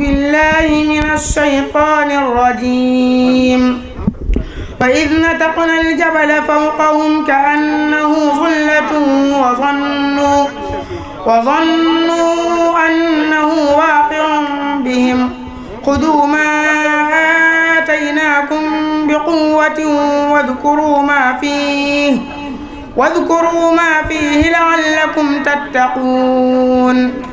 بالله من الشيطان الرجيم وإذ نتقنا الجبل فوقهم كأنه ظلة وظنوا وظنوا أنه واقع بهم خذوا ما آتيناكم بقوة واذكروا ما فيه واذكروا ما فيه لعلكم تتقون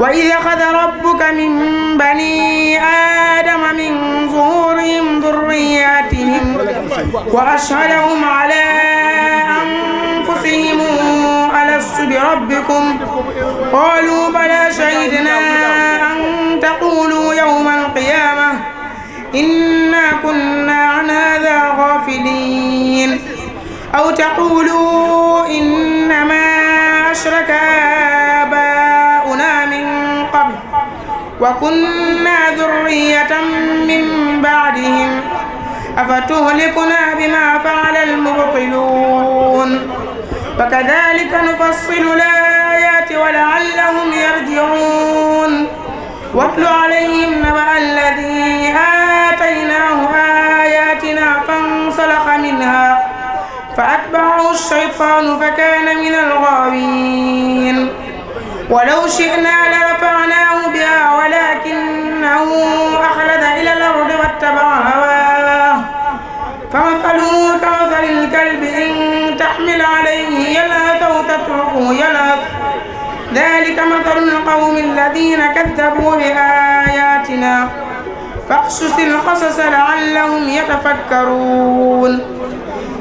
وإذ أخذ ربك من بني آدم من ظهورهم ذرياتهم وأشهدهم على أنفسهم ألست بربكم قالوا بلى شهدنا أن تقولوا يوم القيامة إنا كنا عن هذا غافلين أو تقولوا إنما أشرك وكنا ذرية من بعدهم أفتهلكنا بما فعل المبطلون وكذلك نفصل الآيات ولعلهم يرجعون واتل عليهم نبأ الذي آتيناه آياتنا فانسلخ منها فأتبعه الشيطان فكان من الغاوين ولو شئنا لرفعناه بها ولكنه أخلد إلى الأرض واتبع هواه فمثله كمثل الكلب إن تحمل عليه يلهث أو تتركه يلهث ذلك مثل القوم الذين كذبوا بآياتنا فاقصص القصص لعلهم يتفكرون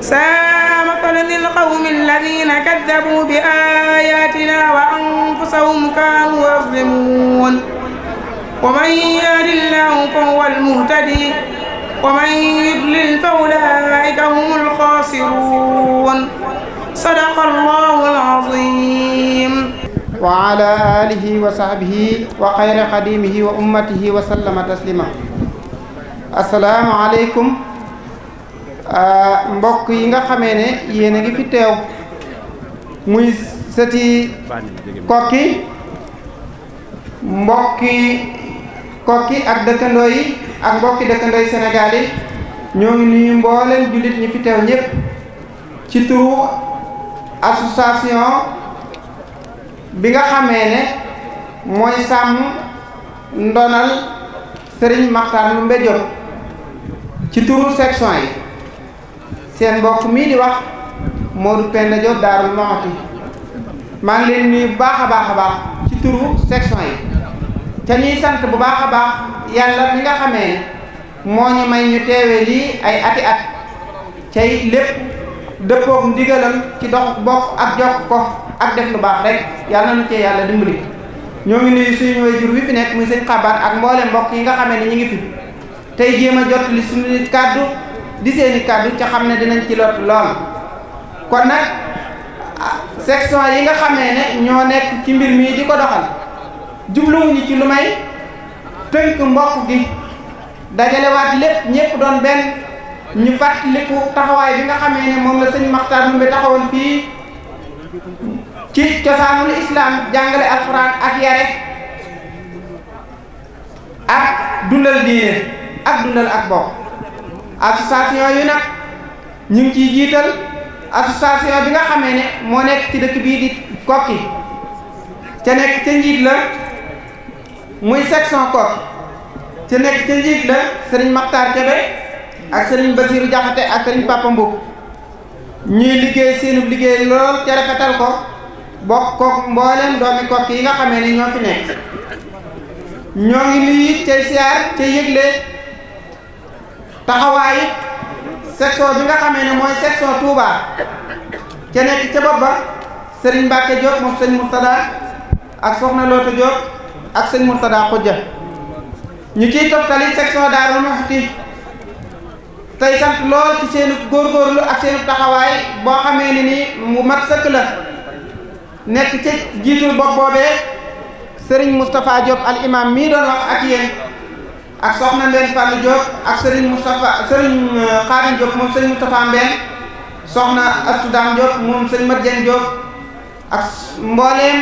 ساء مثلا القوم الذين كذبوا بآياتنا وأنفسهم كانوا يظلمون ومن يهد الله فهو المهتدي ومن يضلل فأولئك هم الخاسرون صدق الله العظيم وعلى آله وصحبه وخير خديمه وأمته وسلم تسليما asalaamaaleykum ah, mbokk yi nga xamee ne yéen a ngi fi teew muy sëti kokki mbokki kokki ak dëkkandoo yi ak mbokki dëkkandoo yi Sénégal yi ñoo ngi nuyu mbooleen jullit ñi fi teew ñëpp ci turu association bi nga xamee ne mooy sàmm ndonal Serigne Makhtar Ndoumbé Diop ci turu section yi seen mbokk mii di wax moo Penda Diop Daarul Mahati maa ngi leen nuyu bu baax a baax a baax ci turu section yi te ñuy sant bu baax a baax yàlla mi nga xamee moo ñu may ñu teewee lii ay ati at cay lépp dëppoog ndigalam ci dox bokk ak jokk ko ak def lu baax rek yàlla na cee yàlla dimbali ñoo ngi nuyu suñu waajur wi fi nekk muy sëñ xabaar ak mboolem mbokk yi nga xamee ni ñu ngi fi tey jéem a jot li suñu kàddu di seeni kàddu ca xam ne dinañ ci lot lool kon nag ah, section yi nga xamee ne ñoo nekk ci mbir mii di ko doxal jubluwuñu ci lu may tënk mbokk gi dajalewaat lépp ñëpp doon benn ñu fàttaliku taxawaay bi nga xamee ne moom la sëñ Maxtaar Ndumbe taxawoon fii ci cosaanul islam jàngale alxuraan ak yare ak dundal diine ak dundal ak bokk association yu nag ñu ngi ciy jiital association bi nga xamee ne moo nekk ci dëkk bii di kokki ca nekk ca njiit la muy section kokki ca nekk ca njiit la sëriñ Maxtaar Kebe ak sëriñ Basiiru Jaxate ak sëriñ Papa Mbub ñuy liggéey seenub liggéey lool ca rafetal ko bokk kook mboolem doomi kokki yi nga xamee ne ñoo fi nekk ñoo ngi nuyu ca siyaar ca yëgle taxawaay section bi nga xamee ni mooy section Touba ca nekk ca bopp ba Serigne Mbacke Diop moom sëñ Mourtada ak Soxna Loota Diop ak sëñ Mourtada Xujja ñu ciy toftali section Daaru Muxti tey sant lool ci seen góorgóorlu ak seen taxawaay boo xamee ne ni mu mat sëkk la nekk ci jiitul bopp boobee Serigne Moustapha Diop al imam mii doon wax ak yéen. ak soxna Mbène Fallou Diop ak sëriñ Moustapha Serigne euh, Khadim Diop moom Serigne Moustapha Mbène soxna Astou Dame Diop moom Serigne Mat Dieng Diop ak mbooleem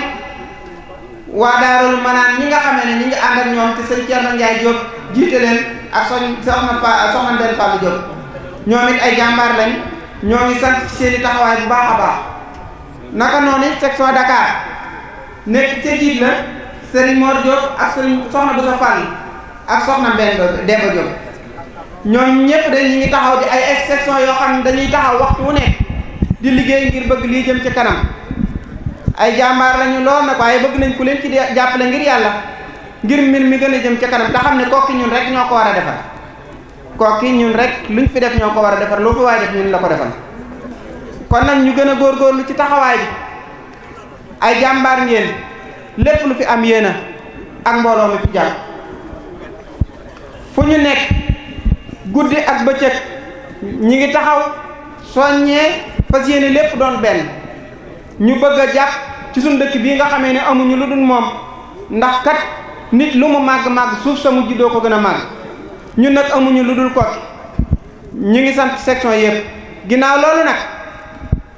waa Daarul Manaan ñi nga xamee ne ñi ngi ànd ak ñoom te Serigne Thierno Ndiaye jiite leen ak soxna Fa soxna Mbène Fallou ay jàmbaar lañ ñoo ngi sant ci seen i taxawaay bu baax a baax naka noonu section Dakar nekk ca jiit la Serigne Mor Diop ak Serigne soxna Boussa Fall. ak soxna Mbène Demba Diop ñooñu ñëpp dañu ngi taxaw di ay exception yoo xam ne dañuy taxaw waxtu wu nekk di liggéey ngir bëgg lii jëm ci kanam ay jàmbaar lañu lool nag waaye bëgg nañ ku leen ci jàppale ngir yàlla ngir mbir mi gën a jëm ci kanam te xam ne kokki ñun rek ñoo ko war a defar kokki ñun rek luñ fi def ñoo ko war a defar lu fi waay def ñun la ko defal kon nag ñu gën a góorgóorlu ci taxawaay bi ay jàmbaar ngeen lépp lu fi am yéen ak mbooloo mi fu ñu nekk guddi ak bëccëg ñu ngi taxaw soññee fas yéene lépp doon benn ñu bëgg a jàpp ci suñ dëkk bii nga xamee ni amuñu lu dul moom ndax kat nit lu mu màgg-màgg suuf sa mujj doo ko gën a màgg ñun nag amuñu lu dul Koki ñu ngi sant section yëpp ginnaaw loolu nag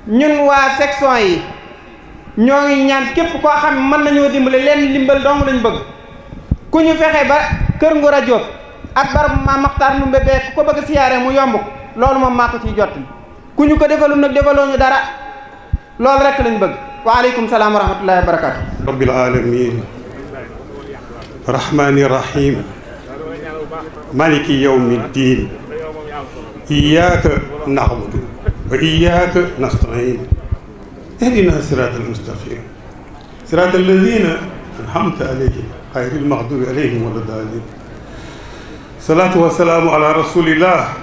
ñun waa section yi ñoo ngi ñaan képp ko xam mën nañoo dimbale leen limbal dong lañu bëgg ku ñu fexe ba Kër Ngor a Jóob ak barab bu Maxtaar Ndumbe bee ku ko bëgg siyaare mu yomb loolu moom maa ko ciy ku ñu ko defalul nag defaloo ñu dara loolu rek lañ bëgg waaleykum salaam wa rahmatullahi wa barakaatu rabbil alamin rahmani rahim maliki yawmi ddin iyyaka na'budu wa iyyaka nasta'in ihdina siratal mustaqim siratal ladina an'amta alayhim ghayril maghdubi salaatu wasalaamu ala rasulillah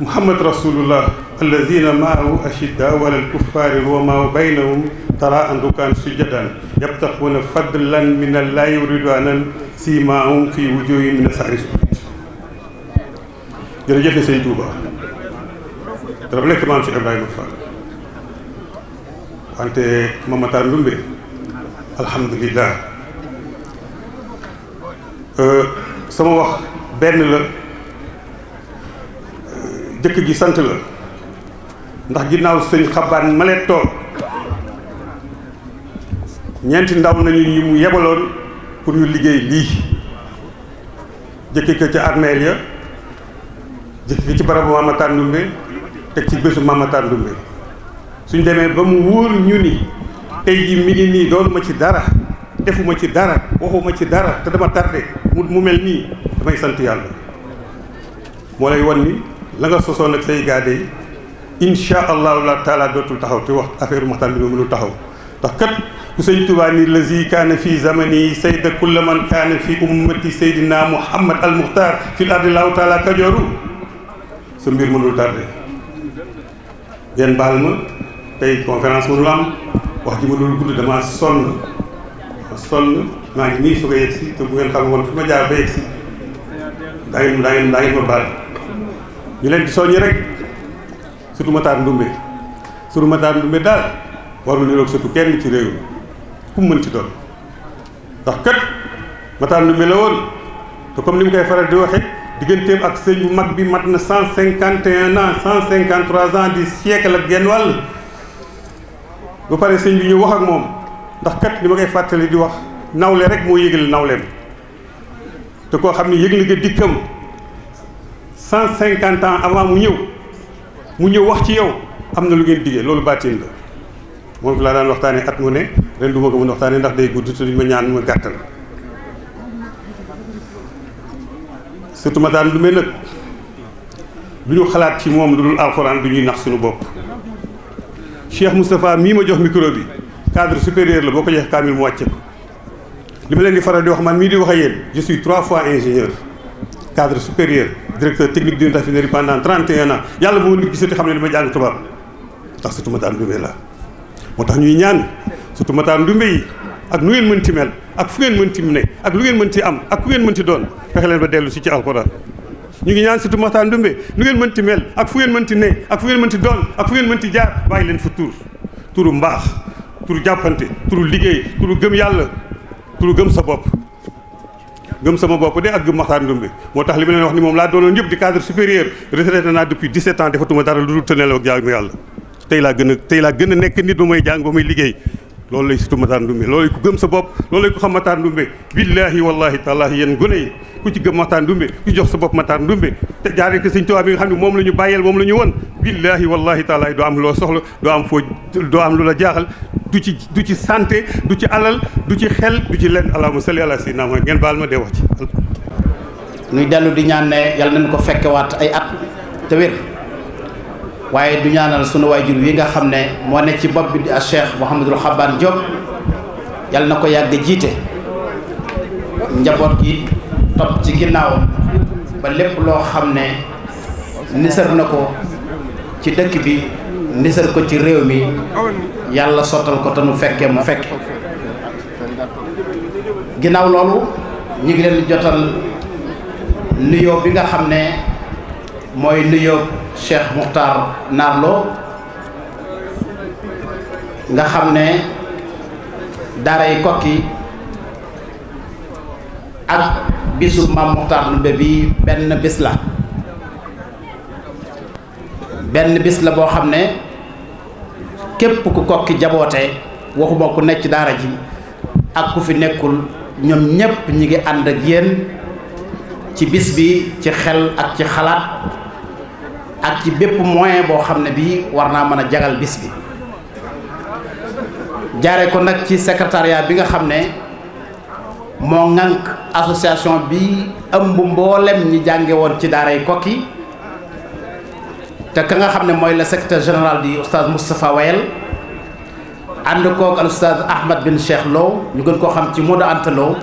muhammad rasulullah alladina maahu ashiddaau ala alkuffaari ruwamaa baynahum taraan rukaan sujjadan yabtaxuuna fadlan min allahi wa ridwanan siimaahum fi wujuhi min asaari sujud jërëjëfe sëñ Tuuba dafa nekk maam si Ibrahima Fall wante Mamatar Ndumbe alhamdulillah Euh, sama wax benn la jëkk gi sant la ndax ginnaaw sëñ xabaan malee toog ñeenti ndaw nañu yi mu yebaloon pour ñu liggéey lii jëkki ko ci armeel ya jëkki ko ci barabu Mama Tar teg ci bésu Mama Tar Ndoumbe suñ demee ba mu wóor ñu ni tey ji mi ngi nii doon ci dara defuma ci dara waxuma ci dara te dama tardé mu mu mel nii damay sant yàlla moo lay wan ni la nga sosoon ak say gaade insha allahu la taala dootul taxaw te wax affaire maxtaan bi mënul taxaw ndax kat ku sëñ Tuubaa ni lazi kaana fi zamani sayda kulla man kaana fi ummati saydina muhammad al muxtaar fi l ardi laahu kajooru sa mbir mënul tardé ngeen baal ma tey conférence mënul am wax ji mënul gudd dama sonn sonn maa ngi nii soog a yegg te bu ngeen xam woon fi ma jaar ba yegg si daa ngeen daa ngeen daa ngeen ma baal ñu leen di soññi rek surtout Matar Ndumbe surtout Matar Ndumbe daal warul niroog surtout kenn ci réew mi ku mën ci doon ndax kat Matar Ndumbe la woon te comme ni mu koy faral di waxee digganteem ak sëñ bu mag bi mat na cent cinquante et un ans cent cinquante trois ans di siècle ak genn wàll ba pare sëñ bi ñuy wax ak moom ndax kat li ma koy fàttali di wax nawle rek moo yëgal nawleem te koo xam ne yëgle nga dikkam cent cinquante ans avant mu ñëw mu ñëw wax ci yow am na lu ngeen diggee loolu baatin la moom fi laa daan waxtaanee at mu ne ren du ko mën waxtaanee ndax day gudd te duñ ma ñaan ma gàttal surtout ma daan lu mel nag du ñu xalaat ci moom lu dul alxuraan du ñuy nax suñu bopp Cheikh Moustapha mii ma jox micro bi cadre supérieur la boo ko joxee kaamil mu wàcce ko li ma leen di faral di wax man mii di wax ak yéen je suis trois fois ingénieur cadre supérieur directeur technique d'une raffinerie pendant 31 ans yàlla bu nit gisati xam ne dama jàng tubaab ndax surtout Matar Ndumbé la moo tax ñuy ñaan surtout Matar Ndumbé yi ak nu ngeen mën ti mel ak fu ngeen mën ti ne ak lu ngeen mën ti am ak ku ngeen mën ti doon fexe ba dellu si ci alxuraan ngi ñaan surtout Matar Ndumbé nu ngeen mën ti mel ak fu ngeen mën ti ne ak fu ngeen mën doon ak fu ngeen mën ti jaar bàyyi leen fu tur turu mbaax pour jàppante pour liggéey pour gëm yàlla pour gëm sa bopp gëm sama bopp de ak gëm Maxtaar Ndumbe moo tax li ma leen wax ni moom laa doonoon yëpp di cadre supérieur retraité naa depuis 17 ans defatuma dara lu dul tëneel ak jaamu yàlla tey laa gën a tey laa gën a nekk nit ba may jàng ba may liggéey loolu lay surtout Matar Ndumbe loolu ku gëm sa bopp loolu lay ku xam Matar Ndumbe billaahi wallaahi tallaahi yéen gone yi ku ci gëm Matar Ndumbe ku jox sa bopp Matar Ndumbe te jaaree ko Sëñ Tuubaa moom la ñu bàyyeel moom la ñu won billaahi wallaahi tallaahi doo am soxla doo am foo doo am lu la jaaxal du ci du ci santé du ci alal du ci xel du ci lenn allahumma salli ala sayyidina Muhammad ngeen baal ma dee wax ci nuy dellu di ñaan ne yàlla nañ ko fekkewaat ay at te wér waaye du ñaanal sunu waajur wi nga xam ne moo ne ci bopp bi di a Cheikh Mouhamadul Xaban Diop yàlla na ko yàgg jiite njaboot gi topp ci ginnaawam ba lépp loo xam ne nisar na ko ci dëkk bi nisar ko ci réew mi yàlla sottal ko te nu fekkee mu fekke ginnaaw loolu ñu ngi leen jotal nuyoo bi nga xam ne mooy nuyoo Cheikh Muxtar Narlo nga xam ne daaray Kokki ak bisub maam Muxtar Ndumbe bi benn bis la benn bis la boo xam ne képp ku kokki jaboote waxuma ku nekk ci daara ji ak ku fi nekkul ñoom ñépp ñu ngi ànd ak yéen ci bis bi ci xel ak ci xalaat ak ci bépp moyen boo xam ne bii war naa mën a jagal bis bi jaare ko nag ci secretariat bi nga xam ne moo ŋànk association bi ëmb mboolem ñi jànge woon ci daaray kokki te ka nga xam ne mooy la secrétaire général di oustaz Moustapha Wayel ànd kook al oustaz Ahmad bin Cheikh Lo ñu gën koo xam ci Modou Anta Lo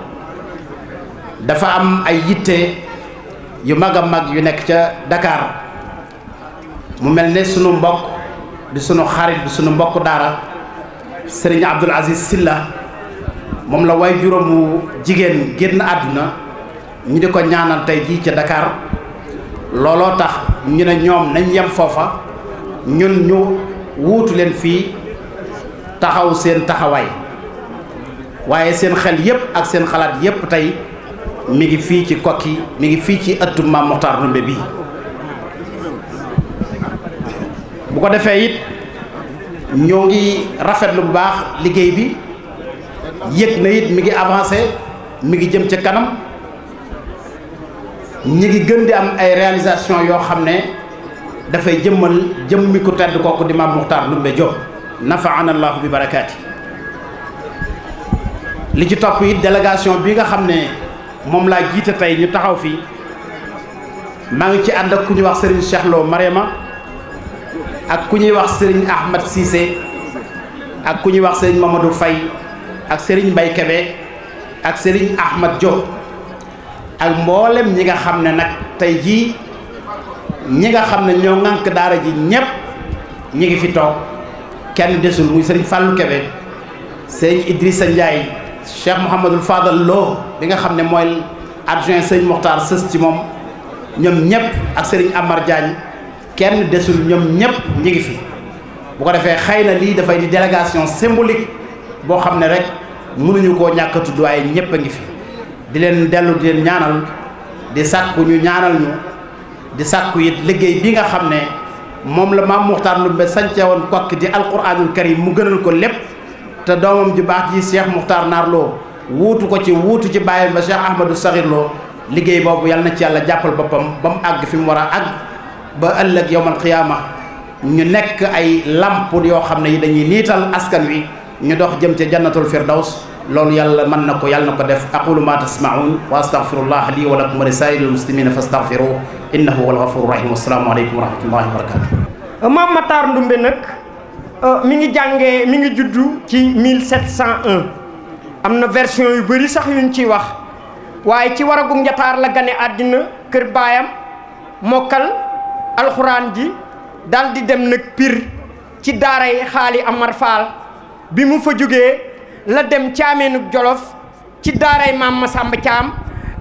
dafa am ay yitte yu mag a mag yu nekk ca Dakar mu mel ne sunu mbokk di sunu xarit di sunu mbokk daara sëriñ Abdul Aziz Silla moom la way juróomu jigéen génn àdduna ñu di ko ñaanal tey jii ca Dakar looloo tax ñu ne ñoom nañ yem foofa ñun ñu wuutu leen fii taxaw seen taxawaay waaye seen xel yépp ak seen xalaat yépp tey mi ngi fii ci kokki mi ngi fii ci ëttu Maam Moxtaar Ndumbe bii bu ko defee it ñoo ngi rafetlu bu baax liggéey bi yëg na it mi ngi avancé mi ngi jëm ca kanam ñi ngi gën di am ay réalisation yoo xam ne dafay jëmmal jëmmi ku tedd kooku di Maam Muxtaar Ndumbe nafa nafaana allahu bi barakaati li ci topp it délégation bi nga xam ne moom laa jiite tey ñu taxaw fii maa ngi ci ànd ak ku ñu wax Serigne Cheikh Lo Mariama ak ku ñuy wax sëriñ Ahmad Cissé ak ku ñuy wax sëriñ Mamadou fay ak sëriñ bay Kébé ak sëriñ Ahmad Diop ak mboolem ñi nga xam ne nag tey jii ñi nga xam ne ñoo ŋànk daara ji ñépp ñi ngi fi toog kenn desul muy sëriñ Fallou Kébé sëriñ sa Ndiaye Cheikh Mouhamadul Fadal loo bi nga xam ne mooy adjoint sëriñ Mokhtar sës ci moom ñoom ñépp ak sëriñ Amar kenn desul ñoom ñépp ñi ngi fi bu ko defee xëy na lii dafay di délégation symbolique boo xam ne rek mënuñu koo ñàkkati a tudd ñépp a ngi fi di leen dellu di leen ñaanal di sàkku ñu ñaanal ñu di sàkku it liggéey bii nga xam ne moom la maam Muxtaar Ndumbe sañce woon kokki di alquranul karim mu gënal ko lépp te doomam ju baax ji Cheikh Muxtaar Naar Lo wuutu ko ci wuutu ci bàyyam ba Cheikh Ahmadou Sakhir liggéey boobu yàlla na ci yàlla jàppal boppam ba mu a ba ëllëg yowmal xiyaama ñu nekk ay làmp yoo xam ne yi dañuy niital askan wi ñu dox jëm ca jannatul firdaws loolu yàlla mën na ko yàlla na ko def aqulu ma tasmaun wa astaghfirullah lii wa lakum wa lisaa'iril muslimina fastaghfiru innahu huwal ghafurur rahim assalaamu aleykum wa rahmatullahi wa nag euh, mi ngi jàngee mi ngi juddu ci 1701 am na version yu bëri sax yuñ ciy wax waaye ci waragum njataar la gane àddina kër baayam mokkal alxuraan ji daldi dem nag pir ci daaray xaali Amar bi mu fa jógee la dem caameenug jolof ci daaray maam Masamba Caam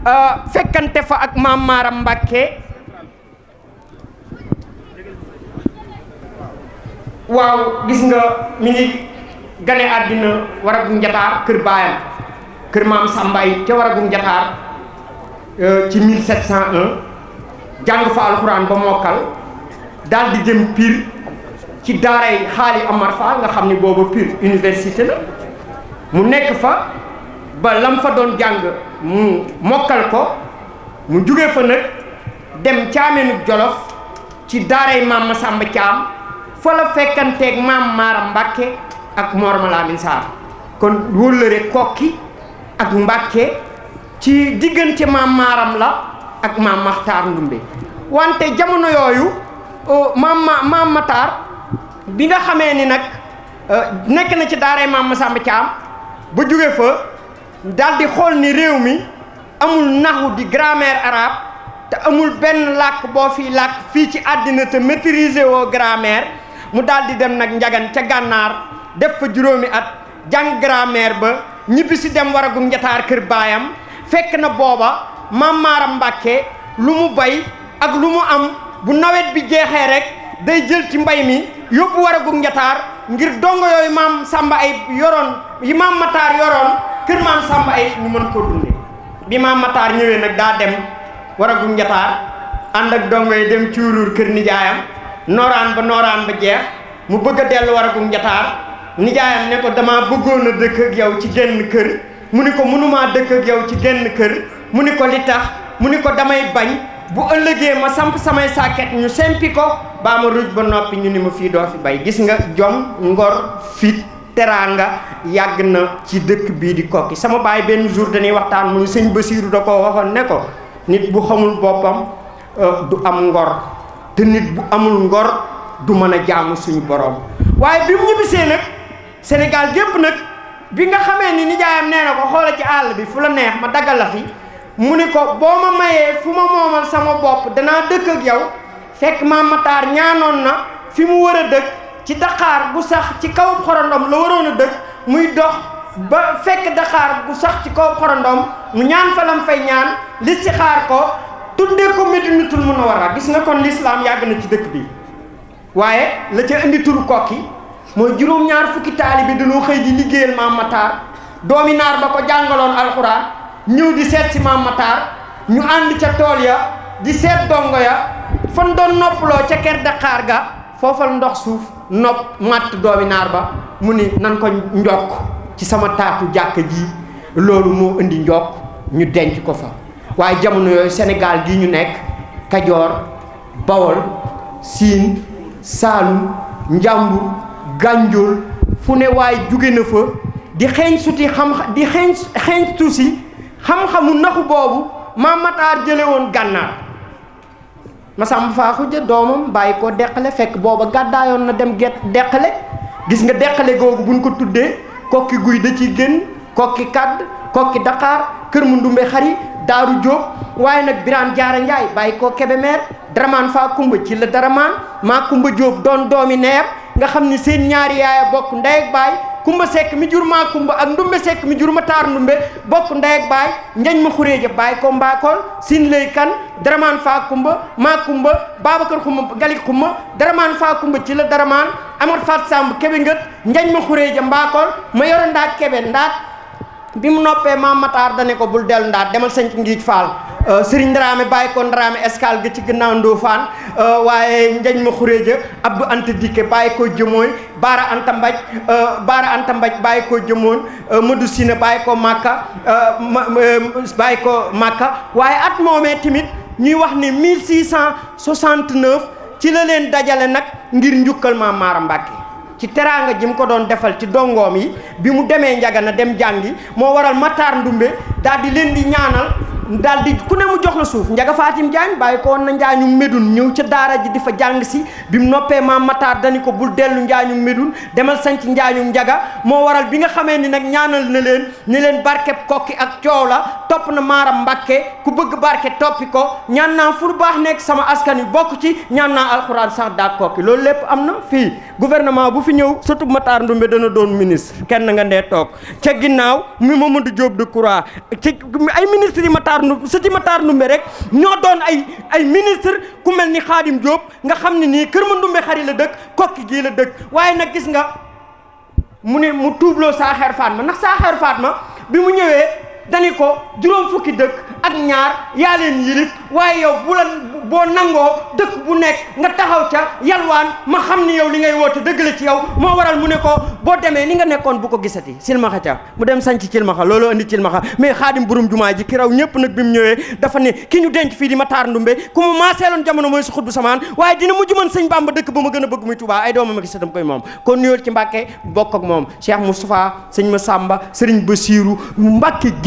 euh, fekkante fa ak maam Maaram Mbàkke waaw gis nga mi ngi gane àddina waragum jataar kër baayam kër maam Sàmbaay ca waragum jataar euh, ci 1701 jàng fa alxuraan ba mokkal daal di jëm Pire ci daaray xaali Amar nga xam ni booba Pire université la mu nekk fa ba lam fa doon jàng mu mokkal ko mu jóge fa nag dem caameenug Jolof ci daaray maam Masamba Caam fa la fekkanteeg maam Maara Mbàkke ak Mor Malamine kon wóllëre kokki ak Mbàkke ci diggante maam maaram la ak maam Maxtaar Ndumbe wante jamono yooyu maam ma maam bi nga xamee ni nag e, nekk na ci daaray maam Masamba Thiam ba jóge fa daldi xool ni réew mi amul naxu di grammaire arabe te amul benn làkk boo fi làkk fii ci àddina te maîtriser woo grammaire mu daldi di dem nag njagan ca gànnaar def fa juróomi at jàng grammaire ba ñibbi si dem waragum njataar kër baayam fekk na booba maam Maaram lu mu bay ak lu mu am bu nawet bi jeexee rek day jël ci mbay mi yóbbu waragu njataar ngir dongo yooyu maam ay yoroon yi maam Mataar yoroon kër maam Samba ay ñu Mataar ñëwee nag daa dem waragu njataar ànd ak dongo yi dem cuuruur kër nijaayam nooraan ba nooraan ba jeex mu bëgg a dellu waragu njataar nijaayam ne ko dama bëggoon a dëkk yow ci genn kër mu ni ko mënumaa dëkk ak yow ci genn kër mu ni ko li mu ni ko damay bañ bu ëllëgee ma samp samay sàkket ñu sempi ko baa ma ruj ba noppi ñu ni ma fii doo fi bay gis nga jom ngor fit nga yàgg na ci dëkk bii di kokki sama baay benn jour dañuy waxtaan mu ni sëñ Basiiru da koo waxoon ne ko nit bu xamul boppam euh, du am ngor te nit bu amul ngor du mën a jaamu suñu borom waaye bi mu ñibbisee nag Sénégal gépp nag bi nga xamee ni nijaayam nee na ko xoola ci àll bi fu la neex ma daggal la mu ni ko boo ma mayee fu ma moomal sama bopp danaa dëkk ak yow fekk maam Matar ñaanoon na fi mu war a dëkk ci daqaar bu sax ci kaw xorondom la waroon a dëkk muy dox ba fekk daqaar bu sax ci kaw xorondom mu ñaan falam fay ñaan listixaar ko tuddee ko Medinatul Munawwara gis nga kon lislaam yàgg na ci dëkk bi waaye la ca indi turu kokki mooy juróom-ñaar fukki taalibe dañoo xëy di liggéeyal maam Matar doomi naar ba ko jàngaloon alxuraan ñëw di seet si maam Matar ñu ànd ca tool ya di seet dongo ya fan doon noppaloo ca ker daqaar ga foofal ndox suuf nopp mat doominaar ba mu ni nan ko njokk ci sama taatu jàkk ji loolu moo indi njokk ñu denc ko fa waaye jamono yooyu senegaal gi ñu nekk Kajoor Bawol Siin Saalum Njàmbur Gànjool fu ne waaye jóge fa di xeeñ suti xam di xeeñ xeeñ tuusi xam-xamu naxu boobu maam Matar jële woon gànnaar Masamba faa xujja doomam bàyyi ko deqale fekk booba gàddaayoon na dem get deqale gis nga deqale googu buñ ko tuddee kokki guy da ci génn kokki kàdd kokki daqaar kër mu ndumbe xari daaru jóob waaye nag biraan jaara njaay bàyyi ko kebemeer daramaan faa kumba ci la daramaan maa kumba jóob doon doomi neer nga xam ni seen ñaari yaaya bokk ndey ak baay kumba sekk mi jur maa kumba ak ndumbe sekk mi jur ma taar ndumbe bokk ndey ak baay njañ ma xuréeja baay ko mbaakoon sin lay kan daramaan faa kumba maa kumba baabakar xumba galik xumba daramaan faa kumba ci la daramaan amat faat sàmb kebe ngët njañ ma xuréeja mbaakoon ma yoro ndaat kebe ndaat bi mu noppee maam mataar dane ko bul dellu ndaat demal sañ ngiij faal Euh, Serigne Dramé bàyyi ko Dramé Escale gi ci ginnaaw Ndofane euh, waaye Njañ ma Xuréja Abdou Anta Dikke bàyyi ko jëmooy Baara Anta Mbaj euh, Baara Anta Mbaj bàyyi ko jëmoon Madou Sina bàyyi ko Makka bàyyi ko Makka waaye at moomee tamit ñuy wax ne ci la leen dajale nag ngir njukkal maam Maara Mbàkke ci teraanga ji mu ko doon defal ci dongoom yi bi mu demee Njagana dem jàngi moo waral Matar Ndumbe daal di leen di ñaanal daal di ku ne mu jox la suuf njaga Fatim Diagne bàyyi ko woon na njaañu medun ñëw ca daara ji di fa jàng si bi mu noppee maam mataar dani ko bul dellu njaañu medun demal sanc njaañu njaga moo waral bi nga xamee ni nag ñaanal na leen ni leen barkeb kokki ak coow la topp na maaram Mbàkke ku bëgg barke toppi ko ñaan naa fu lu baax nekk sama askan wi bokk ci ñaan naa alxuraan sax daa kokki loolu lépp am na fii gouvernement bu fi ñëw surtout Matar Ndumbe dana doon ministre kenn nga ndee toog ca ginnaaw mi Mamadou Diop Matar Ndoumbé ma Matar Ndoumbé rek ñoo doon ay ay ministre ku mel ni Khadim Diop nga xam ne nii Kër ma Ndoumbé xari la dëkk kokki gii la dëkk waaye nag gis nga mu ne mu tuubloo Saaxeer Fatma ndax Saaxeer Fatma bi mu ñëwee dañu ko juróom fukki dëkk ak ñaar yaa leen yilif waaye yow bu la boo nangoo dëkk bu nekk nga taxaw ca yalwaan ma xam ni yow li ngay woote dëgg la ci yow moo waral mu ne ko boo demee ni nga nekkoon bu ko gisati silmaxa ca mu dem sanc cilmaxa looloo indi cilmaxa mais xaadim burum jumaa ji ki raw ñëpp nag bi mu ñëwee dafa ne ki ñu denc fii di ma taar ndumbe ku mu maaseeloon jamono mooy su xutbu samaan waaye dina mujj mën sëñ Bamba dëkk ba ma gën a bëgg muy Tuubaa ay ak moom kon nuyoo ci Mbàkke bokk ak moom Cheikh Moustapha sëñ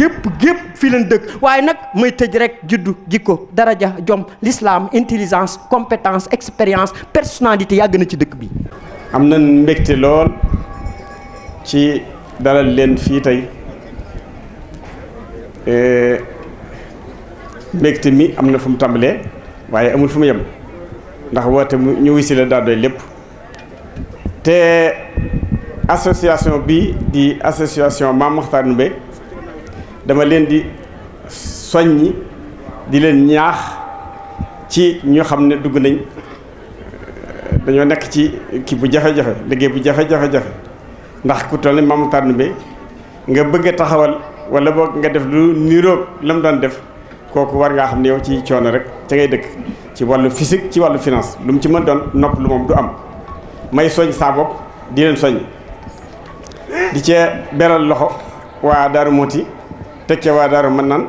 gépp gépp fi leen dëkk waaye nag may tëj rekk juddu jikko daraja jom l'islam intelligence compétence expérience personnalité yàgg na ci dëkk bi. am na mbégte lool ci dara leen fii tey e, mbégte mi am na fu mu tàmbalee waaye amul fu mu yem ndax woote mu ñëw si la daal doy lépp te association bi di association Mame Makhtar Ndoumbe dama leen di soññi di leen ñaax ci ñu xam ne dugg nañ euh, dañoo nekk ci kii bu jafe-jafe liggéey bu jafe-jafe-jafe ndax ku toll ne Mamadou bi nga bëgg taxawal wala boog nga def lu niroog la mu doon def kooku war ngaa xam ne yow ci coono rek ca ngay dëkk ci wàllu fisik ci wàllu finance lu mu ci mën doon nopp lu moom du am may soñ saa bopp di leen soñ di cee beral loxo waa Daaru Muti teg cee waa Daaru Manaan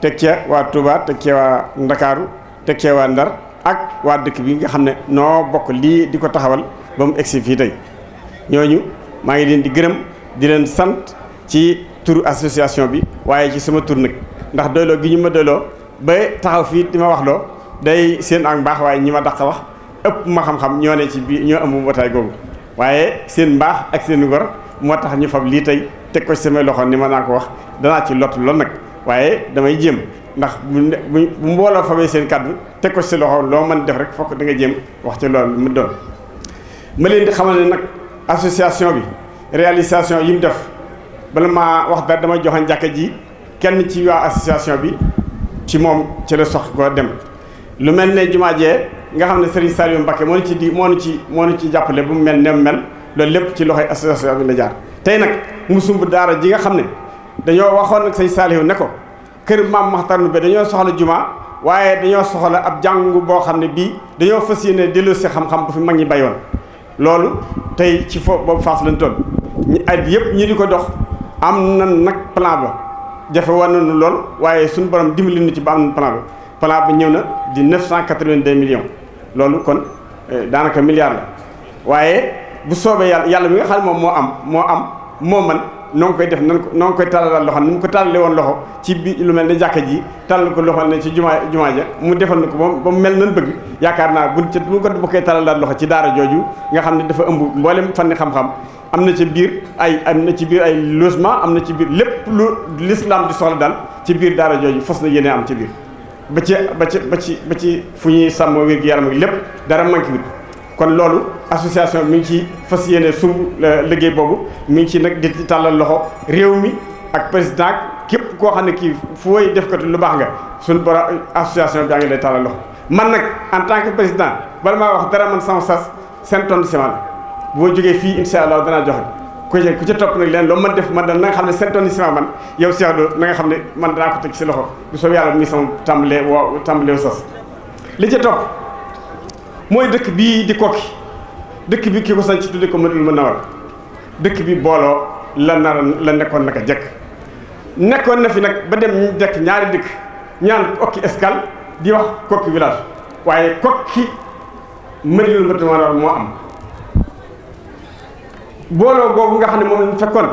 teg ca waa Touba teg cee waa Ndakaaru teg cee waa Ndar ak waa dëkk bi nga xam ne noo bokk lii di ko taxawal ba mu egsi fii tey ñooñu maa ngi leen di gërëm di leen sant ci tur association bi waaye ci suma tur nag ndax doyloo gi ñu ma doyloo ba taxaw fii di ma wax loo day seen ak mbaax waaye ñi ma daq wax ëpp ma xam-xam ñoo ne ci biir ñoo amu mbootaay googu waaye seen mbaax ak seen ngor moo tax ñu fab lii tey teg ko ci samay loxo ni ma naa ko wax danaa ci lot lool nag waaye damay jéem ndax bu bu mbooloo fabee seen kàddu teg ko ci loxo loo mën def rek fokk da nga jéem wax ci loolu mu doon. ma leen di xamal ne nag association bi réalisation yi mu def bala ma wax dara damay joxoon jàkka ji kenn ci waa association bi ci moom ci la sox ko dem lu mel ne jumaa jee nga xam ne Serigne Saliou Mbacké moo nu ci di moo nu ci moo nu ci jàppale bu mu mel ne mel loolu lépp ci loxoy association bi la jaar. tey nag mu sumb daara ji nga xam ne dañoo waxoon nag sëñ Saalihu ne ko kër maam Maxtar Ndumbe dañoo soxla jumaa waaye dañoo soxla ab jàngu boo xam ne bii dañoo fas yéene dellu si xam-xam bu fi mag ñi bayoon loolu tey ci fo boobu faas lañ tool ñu at yëpp ñu di ko dox am na nag plan ba jafe woon nañu lool waaye suñu borom dimbali nu ci ba am na plan ba plan ba ñëw na di 982 millions loolu kon euh, daanaka milliard la waaye bu soobee yàlla yàlla mi nga xam ne moom moo am moo am moo man noo koy def nan ko noo ngi koy tàllalal loxo ni ko tàllale woon loxo ci bi lu mel ne jàkka ji tàllal ko loxo ne ci jumaa jumaa ja mu defal na ko ba mu mel nan bëgg yaakaar naa bu ci bu ko bu koy tàllalal loxo ci daara jooju nga xam ne dafa ëmb mboolem fànni xam-xam am na ci biir ay am na ci biir ay logement am na ci biir lépp lu l'islam di soxla daal ci biir daara jooju fas na yéene am ci biir ba ci ba ci ba ci ba ci fu ñuy sàmm wér gi yaram ak lépp dara manqué wut kon loolu association mi ngi ci fas yéene sumb euh, liggéey boobu mi ngi ci nag di tàllal loxo réew mi ak président képp koo xam ne kii fooy def ko lu baax nga suñu borom association bi daa ngi lay tàllal man nag en tant que président bala wax dara man sama sas seen tonne ciment boo jógee fii incha allah danaa joxe ku ca ku ca topp leen loo mën def man daal na nga xam ne seen tonne ciment man yow Cheikh Lo na nga xam ne man danaa ko teg si loxo bu soobee yàlla mi sama tàmbalee woo tàmbalee sas li ca topp. mooy dëkk bii di kokki dëkk bi ki ko sanc tudde ko Madinatul Munawwara dëkk bi booloo la nar la nekkoon naka jekk nekkoon na fi nag ba dem jekk ñaari dëkk ñaan kokki escale di wax kokki village waaye kokki ma Munawwara moo am booloo boobu nga xam ne moom lañ fekkoon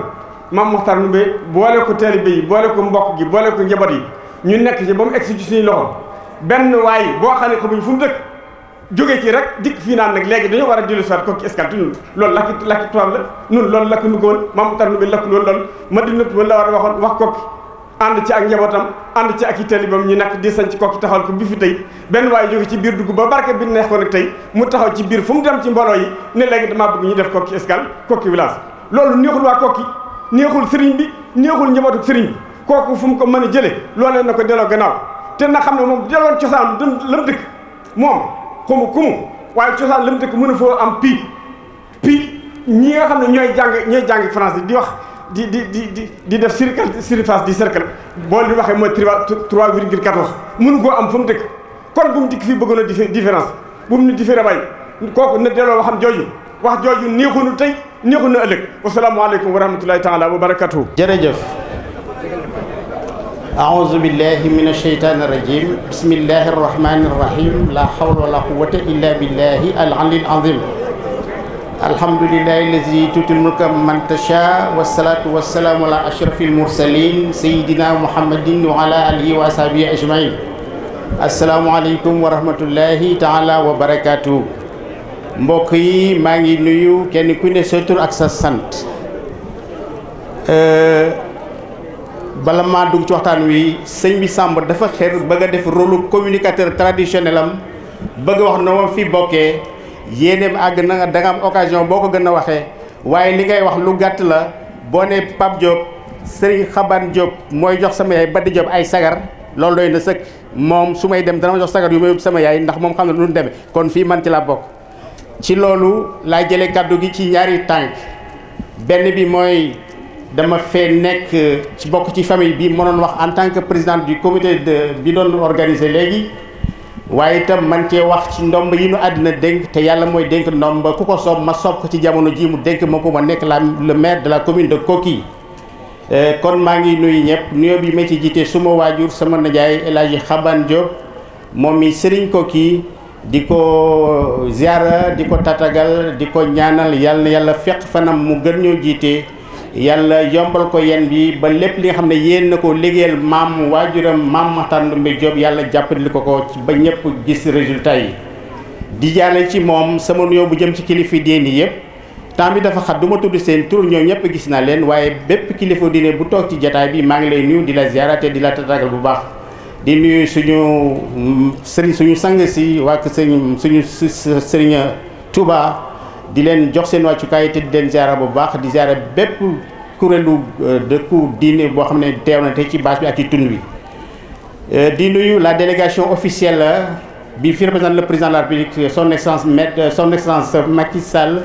maam Moxtaar mu bay boole ko taalibe yi boole ko mbokk gi boole ko njaboot yi ñu nekk ci ba mu egsi ci suñu loxo benn waay boo xam ne xamuñ fu mu dëkk jóge kii rek dikk fii naan nag léegi dañoo war a dellu soit kooku ci escale ñun loolu lakki lakki tubaab loolu ko woon maam tar nu bi lakk loolu loolu ma di nëpp woon la war a waxoon wax kooku ànd ci ak njabootam ànd ci ak i talibam ñu nekk di sañ ci kooku taxawal ko bi fi tey benn waaye jóge ci biir dugg ba barke bi neex ko nag tey mu taxaw ci biir fu mu dem ci mbooloo yi ne léegi damaa bëgg ñu def kooku ci escale kooku village loolu neexul waa kooku neexul sëriñ bi neexul njabootu sëriñ bi kooku fu mu ko mën a jële loolee na ko delloo gannaaw te na xam ne moom deloon cosaan dëm lam dëkk moom xumu kumu waaye cosaan la mu dëkk mën a foo am pi pii ñi nga xam ne ñooy jàng ñooy jàng français di wax di di di di di def cercle surface di cercle boo leen waxee mooy trois virgule quatorze mënu koo am fu mu dëkk kon bu mu dikk fii bëggoon a différence bu mu ni différé bay kooku ne delloo waxam jooju wax jooju neexunu tey neexunu ëllëg wasalaamualeykum wa rahmatulahi taala wa barakatuhu jërëjëf أعوذ بالله من الشيطان الرجيم بسم الله الرحمن الرحيم لا حول ولا قوة إلا بالله العلي العظيم الحمد لله الذي تؤتي الملك من تشاء والصلاة والسلام على أشرف المرسلين سيدنا محمد وعلى آله وأصحابه أجمعين السلام عليكم ورحمة الله تعالى وبركاته mbokk yi maa ngi nuyu kenn ku ne sa tur ak sa sant bala ma dugg ci waxtaan wi sëñ bi Samba dafa xër bëgg a def rôle communicateur traditionnel am bëgg wax na moom fii bokkee yéeneem àgg na nga da nga am occasion boo ko gën a waxee waaye li ngay wax lu gàtt la boo ne Pape Diop Serigne Xaban Diop mooy jox sama yaay di Diop ay sagar loolu doy na sëkk moom su may dem dana jox sagar yu ma yóbbu sama yaay ndax moom xam na du ñu demee kon fii man ci laa bokk ci loolu laay jële kàddu gi ci ñaari tànk benn bi moo dama fee nekk euh, ci bokk ci famille bi ma doon wax en tant que président du comité de bi doon organisé léegi waaye itam man cee wax ci ndomb yi nu àddina dénk te yàlla mooy dénk ndomb ku ko soob ma soob ko ci jamono ji mu dénk ma ko ma nekk la le maire de la commune de Koki euh, kon maa ngi nuyu ñëpp nuyoo bi ma ci jiite suma waajur sama nijaay El Hadji Xaban Diop moom mi Serigne Koki di ko euh, ziara di ko tatagal di ko ñaanal yàlla na yàlla fekk fanam mu gën ñoo jiite. yàlla yombal ko yen bi ba lépp li nga xam ne yéen na ko liggéeyal maam waajuram maam Maxtaar Ndumbe Jóob yàlla jàppandi ko ko ba ñëpp gis résultat yi di jaarale ci moom sama nuyoo bu jëm ci kilifa diine yëpp temps bi dafa xat du ma tudd seen tur ñoom ñëpp gis naa leen waaye bépp kilifa diine bu toog ci jataay bi maa ngi lay nuyu di la ziarate di la tatagal bu baax di nuyu suñu mm, sëriñ suñu sang si waa sëriñ suñu sëriñ Touba di leen jox seen wàccukaay te di leen ziara bu baax di ziara bépp kuréelu euh, dëkku diine boo xam ne teew na te ci base bi ak ci tund wi euh, di nuyu la délégation officielle euh, bi fi représente le président la République son excellence maître son excellence Macky Sall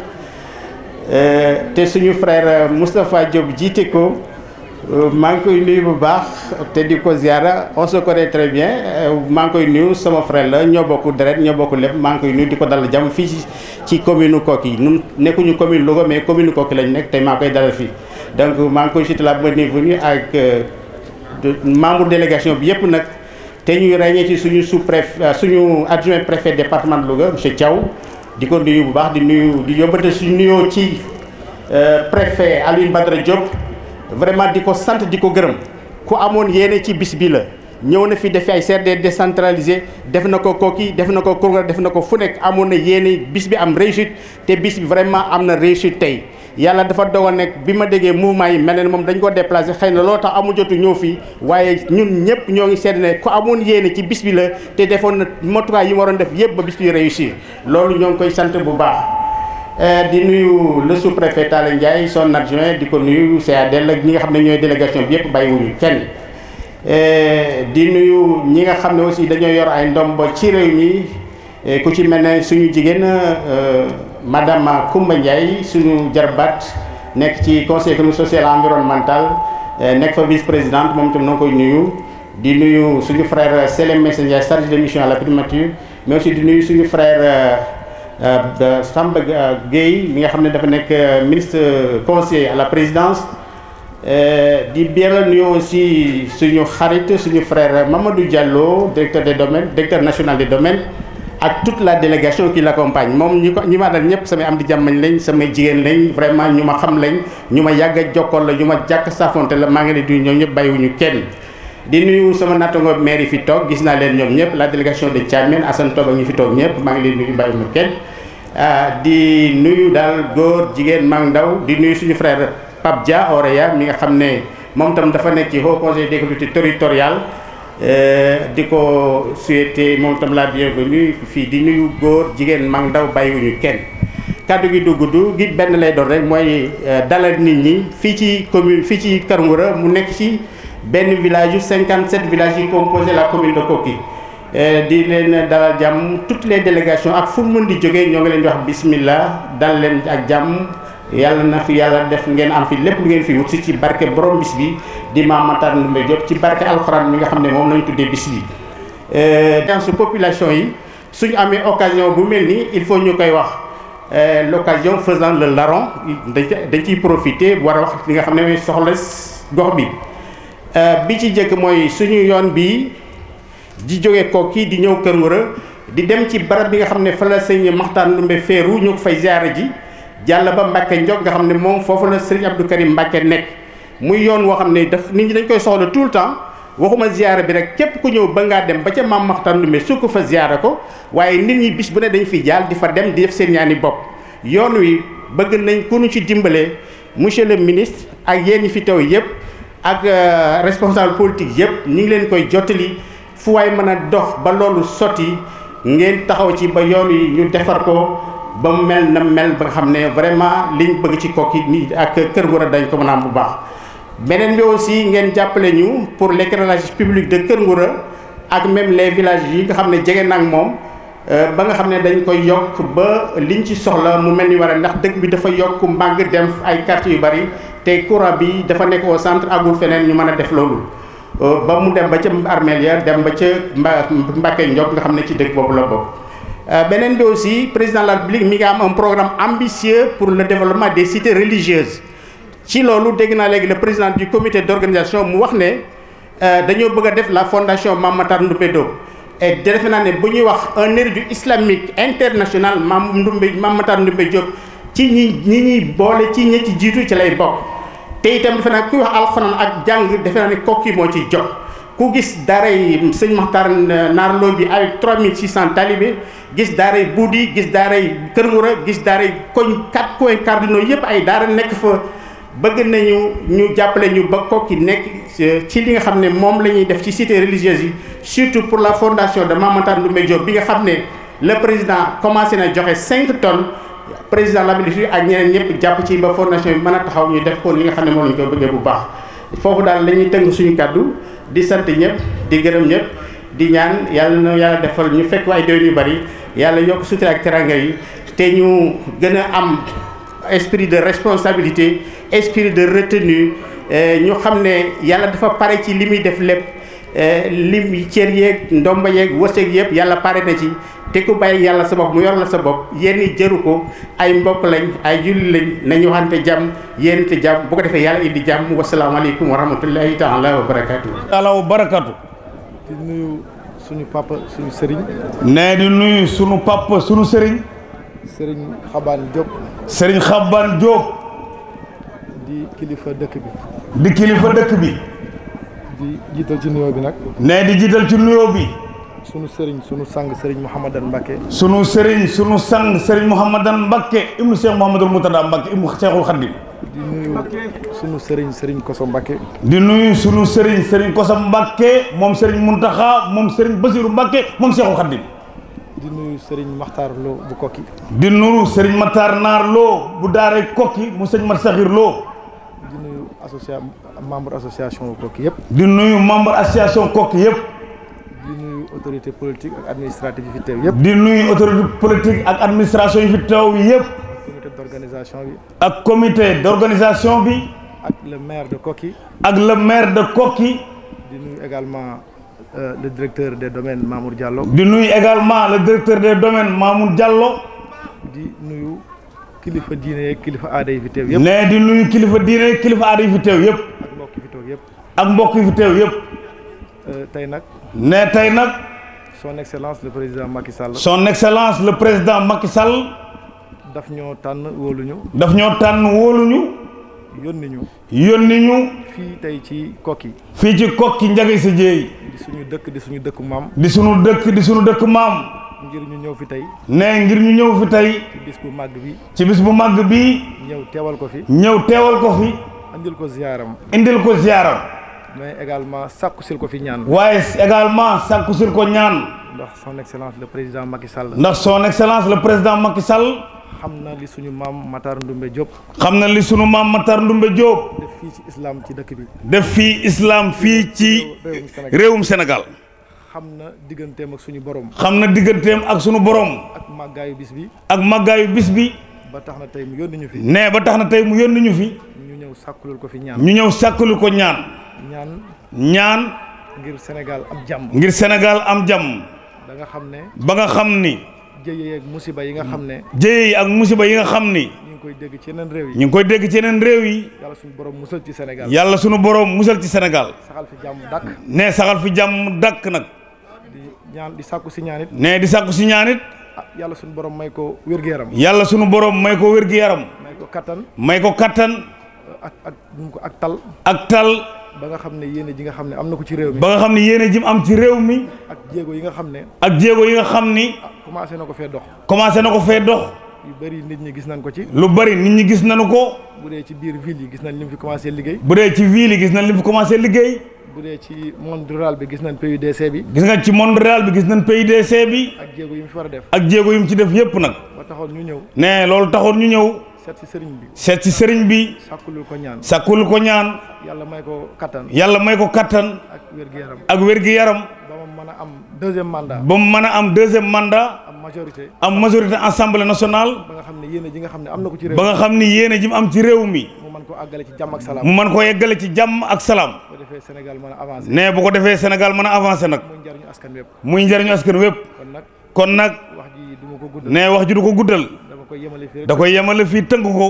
te suñu frère Moustapha Diop jiite ko Euh, maa ngi koy nuyu bu baax te di ko ziara on se connaît très bien euh, maa ngi koy nuyu sama frère la ñoo bokk deret ñoo bokk lépp maa ngi koy nuyu di ko dalal jàmm fii ci commune Koki ñun nekkuñu commune Louga mais commune Koki lañ nekk te maa koy dalal fii donc maa ngi koy cité la bienvenue ak euh, membre délégation bi yëpp nag te ñuy ràññee ci suñu sous préfet suñu adjoint préfet département de Louga monsieur Thiaw di ko nuyu bu baax di nuyu di yóbbante suñu nuyoo ci préfet Alioune Badara Diop. vraiment di ko sant di ko gërëm ku amoon yéene ci bis bi la ñëw na fii def ay CRD décentralisé def na ko Koki def na ko Koungheul def na ko fu nekk amoon na yéene bis bi am réussite te bis bi vraiment am na réussite tey yàlla dafa a nekk bi ma déggee mouvement yi mel ne moom dañ ko déplacé xëy na loo tax amul jotu ñëw fii waaye ñun ñëpp ñoo ngi seet ne ku amoon yéene ci bis bi la te defoon na matuwaay yi waroon def yëpp ba bis bi réussir loolu ñoo ngi koy sant bu baax Euh, di nuyu le sous-préfet Talla Ndiaye son adjoint di ko nuyu CADL ak ñi nga xam ne ñooy délégation bi yëpp bàyyiwuñu kenn euh, di nuyu ñi nga xam ne aussi dañoo yor ay ndomb ci réew mi ku ci mel ne suñu jigéen euh, madame Koumba Ndiaye suñu jarbaat nekk ci conseil économique social environnemental nekk fa vice présidente moom itam noo koy nuyu di nuyu suñu frère Sélém Messa Ndiaye chargé de mission à la primature mais aussi di nuyu suñu frère. Euh, Samba euh, Gueye mi nga xam ne dafa nekk euh, ministre conseiller à la présidence di beral nuyoo aussi suñu xarit suñu frère Mamadou Diallo directeur des domaines directeur national des domaines ak toute la délégation qui l'accompagne moom ñi ko ñi ma dal ñëpp samay am di jàmmañ lañ samay jigéen lañ vraiment ñu ma xam lañ ñu ma yàgg a jokkoon la ñu ma jàkk safonte la maa ngi leen di ñoom ñëpp bàyyiwuñu kenn di nuyu sama nattango maire yi fi toog gis naa leen ñoom ñëpp la délégation de Thiamène ñu fi toog ñëpp maa ngi Ah, di nuyu daal góor jigéen mag di nuyu suñu frère Pape Dia ya mi nga xam ne moom tam dafa nekk ci haut conseil des collectivités territoriales eh, di ko souhaité moom tam la bienvenue fii di nuyu góor jigéen mag ndaw bàyyiwuñu kenn kàddu gi du gudd gi benn lay doon rek mooy eh, dalal nit ñi fii ci commune fii ci Kër mu nekk ci benn village yu 57 villages yi composé la commune de Koki Eh, di leen dalal jàmm toutes les délégations ak fu mu mën di jógee ñoo ngi leen di wax bismillah dal leen ak jàmm yàlla na fi yàlla def ngeen am fi lépp lu ngeen fi wut ci barke borom bis bi di Mame Matar Ndoumbé Diop ci barke alxuraan mi nga xam ne moom lañ tuddee bis bi. Eh, dans su population yi suñu amee occasion bu mel nii il faut ñu koy wax eh, l'occasion faisant le larron dañ dañ ciy profiter war a wax li nga xam ne soxla gox bi bi ci jëkk mooy suñu yoon bi di jóge ko kii di ñëw Kër Ngora di dem ci barab bi nga xam ne fa la sëñ Maxtaan Lumbe Feeru ñu ko fay ziare ji jàll ba Mbàkke Njog nga xam ne moom foofu la sëriñ Abdou Karim Mbàkke nekk muy yoon woo xam ne daf nit ñi dañ koy soxla tout le temps waxuma ziare bi rek képp ku ñëw ba ngaa dem ba ca maam Maxtaan Lumbe su ko fa ziare ko waaye nit ñi bis bu ne dañu fi jàll di fa dem di def seen ñaani bopp yoon wi bëgg nañ ku ñu ci dimbalee monsieur le ministre ak yéen ñi fi taw yëpp ak euh, responsable politique yëpp ñu ngi leen koy jottali fu waay mën a dox ba loolu sotti ngeen taxaw ci ba yoon yi ñu defar ko ba mu mel na mel ba nga xam ne vraiment liñ bëgg ci Koki ni ak Kër Ngouda dañ ko mën bu baax beneen bi aussi ngeen jàppale ñu pour l'éclairage public de Kër Ngouda ak même les villages yi nga xam ne jege nag moom euh, ba nga xam ne dañ koy yokk ba liñ ci soxla mu mel ni war ndax dëkk bi dafa yokk mbàng dem ay quartiers yu bari te courant bi dafa nekk au centre agul feneen ñu mën a def loolu Euh, ba mu dem ba ca armeel ya dem ba ca mba Mbàkke Njob nga xam ne ci dëkk boobu la bokk euh, beneen bi aussi président de la République mi ngi am un programme ambitieux pour le développement des cités religieuses ci loolu dégg naa léegi le président du comité d'organisation mu wax ne euh, dañoo bëgg a def la fondation Mame Matar doo Diop et defe naa ne bu ñuy wax un érudit islamique international Mame Ndoumbe Mame Matar Ndoumbe Diop ci ñi ñi ñuy boole ci ñi ci jiitu ci lay bokk tey itam defe naa kuy wax alxuraan ak jàng defe naa ne kokki moo ciy jot ku gis daara yi sëñ eh, naar Naarlo bi ay avec 3600 talibe gis daara yi Buudi gis daara yi Kër Ngura gis daara yi koñ quatre coins cardinaux yëpp ay daara nekk fa bëgg nañu ñu jàppale ñu ba kokki nekk eh, ci li nga xam ne moom la ñuy def ci cité religieuse yi surtout pour la fondation de Mame Makhtar Ndoumbe bi nga xam ne le président commencé na joxe 5 tonnes. président l'habilité ak ñeneen ñëpp jàpp ci ba fondation bi mën a taxaw ñu def ko li nga xam ne moom lañ ko bëggee bu baax foofu daal la ñuy tënk suñu kàddu di sant ñëpp di gërëm ñëpp di ñaan yàlla na yàlla defal ñu fekk ay déwén yu bari yàlla yokk sutura ak teranga yi te ñu gën a am esprit de responsabilité esprit de retenue eh, ñu xam ne yàlla dafa pare ci li muy def lépp eh, lim cër yeeg ndomba yeeg wërsëg yëpp yàlla pare na ci te ku bàyyi yàlla sa bopp mu yor la sa bopp yéen i jëru ko ay mbokk lañ ay julli lañ nañu waxante jàmm yéen te jàmm bu ko defee yàlla indi jàmm wasalaamaaleykum wa rahmatullahi taala wa barakaatu. taala wa barakaatu. di nuyu suñu papa suñu sëriñ. nee di nuyu suñu papa suñu sëriñ. sëriñ Xabaan Diop. sëriñ Xabaan Diop. di kilifa dëkk bi. di kilifa dëkk bi. di jiital ci nuyoo bi nag. nee di jiital ci nuyoo bi. sunu sëriñ sunu sang sëriñ Mouhamadan Mbacke. sunu sëriñ sunu sang sëriñ Mouhamadan Mbacke ibnu Cheikh Mouhamadul Moutada Mbacke ibnu Cheikhul Khadim. di nuyu sunu sëriñ sëriñ Koso Mbacke. di nuyu sunu sëriñ sëriñ Koso Mbacke moom sëriñ Muntaxa moom sëriñ Basiru Mbacke moom Cheikhul Khadim. di nuyu sëriñ Makhtar Lo bu Kokki. di nuyu sëriñ Makhtar Naar Lo bu Daaray Kokki mu sëriñ Mat Saxir Lo. di nuyu association membre association Kokki yëpp. di nuyu membre association Kokki yëpp. di nuyu autorité politique ak administrative yi fi teew yëpp. di nuyu autorité politique ak administration yi fi teew yëpp. comité d'organisation bi. ak comité d'organisation bi. ak le maire de Koki. ak le maire de Koki. di nuyu également euh, le directeur des domaines Mamour Diallo. di nuyu également le directeur des domaines Mamour Diallo. di nuyu kilifa diine kilifa aada yi fi teew yëpp. nee di nuyu kilifa diine kilifa aada yi fi teew yëpp. ak mbokk yi fi teew yëpp. ak euh, mbokk yi fi tey nag. ne tey nag. son excellence le président Macky Sall. son excellence le président Macky Sall. daf ñoo tànn wóoluñu. daf ñoo tànn wóoluñu. yónni ñu. yónni ñu. fii tey ci kokki. fii ci kokki njage si jéey. di suñu dëkk di suñu dëkk maam. di suñu dëkk di suñu dëkk maam. ngir ñu ñëw fi tey. ne ngir ñu ñëw fi tey. ci bis bu màgg bi. ci bis bu màgg bi. ñëw teewal ko fi. ñëw teewal ko fi. indil ko ziyaaram. indil ko ziyaaram. mais également sàkku sil ko fi ñaan. waaye également sàkku sil ko ñaan. ndax son excellence le président Macky Sall. ndax son excellence la président Macky Sall. xam na li suñu maam Matar Ndumbe Diop. xam na li suñu maam Matar Ndumbe Diop. def fii ci islam ci dëkk bi. def fii islam fii ci réewum Sénégal. xam na digganteem ak suñu borom. xam na digganteem ak suñu borom. ak màggaayu bis bi. ak màggaayu bis bi. ba tax na tey mu yónni ñu fi. nee ba tax na tey mu yónni ñu fi. ñu ñëw sàkkulul ko fi ñaan. ñu ñëw sàkkulul ko ñaan. ñaan ñaan. ngir Sénégal am jàmm. ngir senegal am jàmm. ba nga xam ne. ba nga xam ni. jëye ak musiba yi nga xam ne. jëye yi ak musiba yi nga xam ni. ñu ngi koy dégg ci yeneen réew yi. ñu ngi koy dégg ci yeneen réew yi. yàlla sunu borom musal ci Sénégal. yàlla sunu borom musal ci Sénégal. saxal fi jàmm dàkk. ne saxal fi jàmm dàkk nag. di ñaan si ñaanit. ne di sàkku si ñaanit. Ah, yàlla sunu borom may ko wér yaram. yàlla sunu borom may ko wér gu yaram. may ko kattan. may ko kattan. ak tal. ba nga xam ne yéene ji nga xam ne am na ko ci réew mi. ba nga xam ne yéene ji mu am ci réew mi. ak jéego yi nga xam ne. ak jéego yi nga xam ni. Ah commencé na ko fee dox. commencé na ko fee dox. lu bari nit ñi gis nañ ko ci. lu bari nit ñi gis nañu ko. bu dee ci biir ville yi gis nañ li mu fi commencé liggéey. bu dee ci ville yi gis nañ li mu fi commencé liggéey. bu dee ci monde rural bi gis nañ PUDC bi. gis nga ci monde rural bi gis nañ PUDC bi. ak jéego yi mu fi war a def. ak jéego yi mu ci def yépp nag. ba taxoon ñu ñëw. ne loolu taxoon ñu ñëw. seet si sëriñ bi. seet si bi. sàkkul ko ñaan. sàkkul ko ñaan. yàlla may ko kattan. yàlla may ko kattan. ak wér gu yaram. ak wér yaram. ba mu mën a am deuxième mandat. ba mu mën a am deuxième mandat. am majorité. am majorité assemblée nationale. ba nga xam ne yéene ji nga xam ne am na ko ci réew xam ne yéene ji mu am ci réew mi. mu mën koo àggale ci jàmm ak salaam. mu mën koo yeggale ci jàmm ak salaam. bu ko defee bu ko defee Sénégal mën a avancé nag. muy njariñu askan wépp. muy njariñu askan wépp. kon nag. wax ji du ko guddal. nee wax ji du ko guddal. da koy yemale fii tënk ko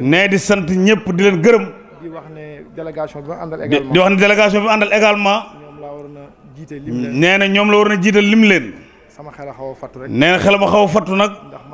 ne di sant ñëpp di leen gërëm di wax ne délégation bi mu àndal également di ñoom la war na jiital lim leen. sama xel a xaw a fattu rek. na xel ma a fattu nag. ndax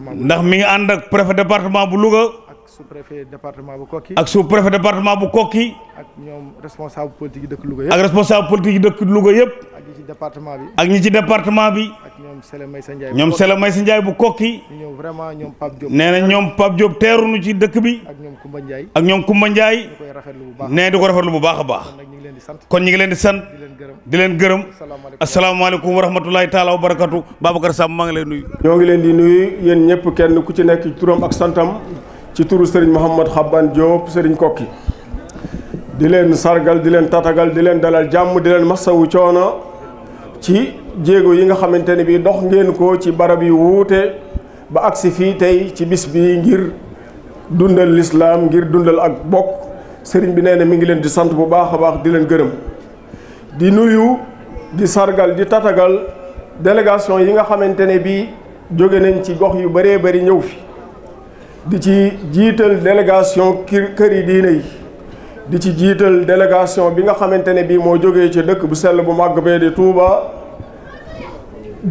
maa ngi mi ngi ànd ak préfet département bu Louga. sous-préfet département bu Kokki. ak sous-préfet département bu Kokki. ak ñoom responsable politique yi dëkk Louga yëpp. ak responsable politique yi dëkk Louga yëpp. ak ñi ci département bi. ak ñi ci département bi. ak ñoom Sele Maysa Ndiaye. ñoom Sele Maysa Ndiaye bu Kokki. ñoom vraiment ñoom Pape Diop. nee na ñoom Pape Diop teeruñu ci dëkk bi. ak ñoom Koumba Ndiaye. ak ñoom Koumba Ndiaye. nee di ko rafetlu bu baax a baax. kon ñu ngi leen di sant. di leen gërëm. asalaamaaleykum wa rahmatulahi taala wa barakatu Babacar Samb maa ngi lay nuyu. ñoo ngi leen di nuyu yéen ñëpp kenn ku ci nekk turam ak santam ci turu sëriñ Mouhamad Xabban Diop sëriñ kokki di leen sargal di leen tatagal di leen dalal jàmm di leen masawu coono ci jéego yi nga xamante ne bii dox ngeen ko ci barab yu wuute ba agsi fii tey ci bis bi ngir dundal lislaam ngir dundal ak bokk sëriñ bi nee na mi ngi leen di sant bu baax a baax di leen gërëm di nuyu di sargal di tatagal délégation yi nga xamante ne bii jóge nañ ci gox yu bëree bëri ñëw fi di ci jiital délégation kër yi diine yi di ci jiital délégation bi nga xamante ne bii moo jógee ci dëkk bu sell bu màgg bee di Touba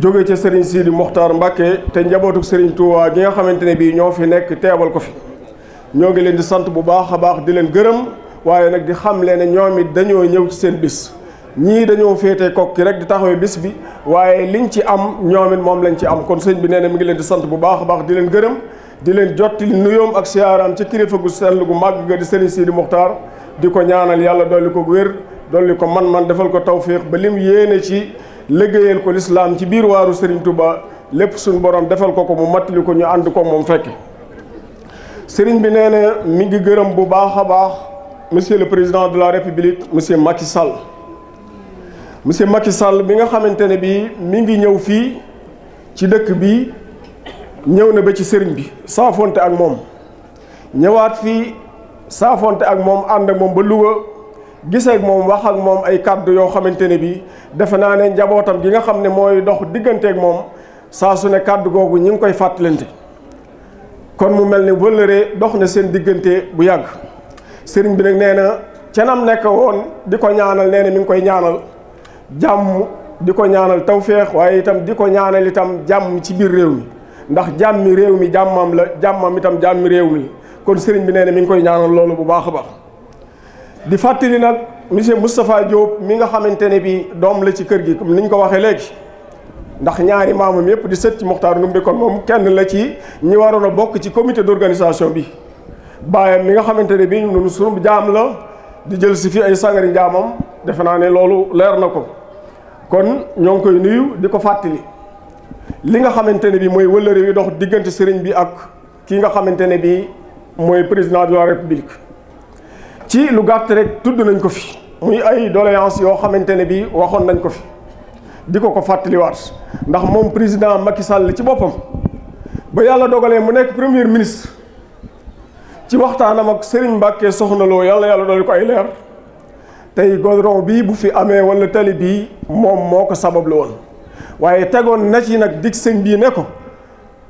jóge ci Serigne Sidi Mokhtar Mbacke te njabootu Serigne Touba gi nga xamante ne bii ñoo fi nekk teebal ko fi ñoo ngi leen di sant bu baax a baax di leen gërëm waaye nag di xam leen ne ñoom it dañoo ñëw ci seen bis ñii dañoo féete yi rek di taxawee bis bi waaye liñ ci am ñoom it moom lañ ci am kon sëñ bi nee mu ngi leen di sant bu baax a baax di leen gërëm. di leen jottali nuyoom ak siyaaraam ci kilifa gu sell gu màgg ga di Serigne Sidi Muxtaar di ko ñaanal yàlla dolli ko wér dolli ko man-man defal ko tawfiix ba lim yéene ci liggéeyal ko lislaam ci biir waaru Serigne Touba lépp suñ boroom defal ko ko mu mattali ko ñu ànd ko moom fekk Serigne bi nee na mi ngi gërëm bu baax a baax monsieur le président de la république monsieur Macky Sall. monsieur Macky Sall bi nga xamante ne bii mi ngi ñëw fii ci dëkk bi ñëw na ba ci sëriñ bi saafonte ak moom ñëwaat fii saafonte ak moom ànd ak moom ba Louga gisee ak moom wax ak moom ay kàdd yoo xamante ne bii defe naa ne njabootam gi nga xam ne mooy dox diggante ak moom saa su ne kàddu googu ñi ngi koy fàttalante kon mu mel ni wëllëree dox na seen diggante bu yàgg sëriñ bi nag nee na canam nekk woon di ko ñaanal nee na mi ngi koy ñaanal jàmm di ko ñaanal tawféex waaye itam di ko ñaanal itam jàmm ci biir réew mi. ndax jàmmi réew mi jàmmam la jàmmam itam jàmmi réew mi kon sëriñ bi nee na mi ngi koy ñaanal loolu bu baax a baax di fàttali nag monsieur Moustapha Diop mi nga xamante ne bi doom la ci kër gi comme ni ñu ko waxee léegi ndax ñaari maamam yëpp di sët ci Mokhtar Ndoumbé kon moom kenn la ci ñi waroon a bokk ci comité d'organisation bi baayam mi nga xamante ne bi ñun suñu jaam la di jël si fi ay sangari njaamam defe naa ne loolu leer na ko kon ñoo ngi koy nuyu di ko fàttali li nga xamante ne bi mooy wëllëre wi dox diggante sëriñ bi ak ki nga xamante ne bi mooy président de la république ci lu gàtt rek tudd nañ ko fi muy ay doléance yoo xamante ne bi waxoon nañ ko fi di ko ko fàttaliwaat ndax moom président Macky Sall ci boppam ba yàlla dogalee mu nekk premier ministre ci waxtaanam ak Serigne Mbacke soxna loo yàlla yàlla doole ko ay leer tey goudron bii bu fi amee wala tali bii moom moo ko sabablu woon waaye tegoon na ci nag dig sëñ bii ne ko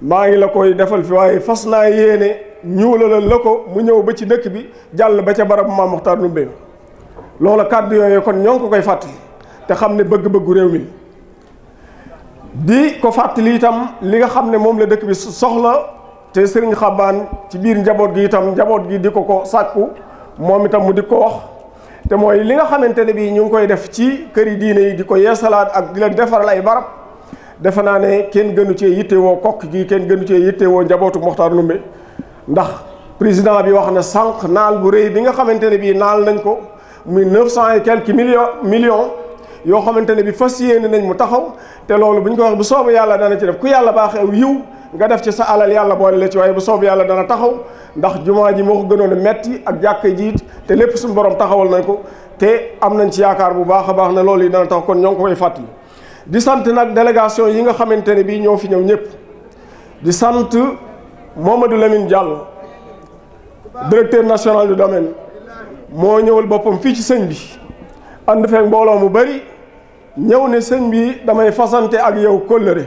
maa ngi la koy defal fi waaye fas naa yéene ñuulalal la ko mu ñëw ba ci dëkk bi jàll ba ca barab Maam Moxtaar Ndumbe loola kàddu yooyu kon ñoo ngi ko koy fàttali te xam ne bëgg-bëggu réew mi di ko fàttali itam li nga xam ne moom la dëkk bi soxla te sëriñ Xabaan ci biir njaboot gi itam njaboot gi di ko ko sàkku moom itam mu di ko wax te mooy li nga xamante ne bii ñu ngi koy def ci kër yi diine yi di ko yeesalaat ak leen defaral ay barab defe naa ne kenn gënu cee yittewoo kokk gi kenn gënu cee yittewoo njabootu Mokhtar Ndoumbé ndax président bi wax na sànq naal bu rëy bi nga xamante ne bii naal nañ ko muy neuf cent et quelques million millions yoo xamante ne bii fas yéene nañ mu taxaw te loolu bu ñu ko wax bu soobu yàlla dana ci def ku yàlla baaxee yiw nga def ci sa alal yàlla boole la ci waaye bu soob yàlla dana taxaw ndax jumaa ji moo ko gënoon a metti ak jàkka jiit te lépp suñu boroom taxawal nañ ko te am nañ ci yaakaar bu baax a baax ne lool yi dana tax kon ñoo ngi ko koy fàttali di sant nag délégation yi nga xamante ne bii ñoo fi ñëw ñëpp di sant Mamadou Lamine Diallo directeur national du domaine moo ñëwal boppam fii ci sëñ bi ànd fekk mbooloo mu bari ñëw ne sëñ bi damay fasante ak yow kóllëre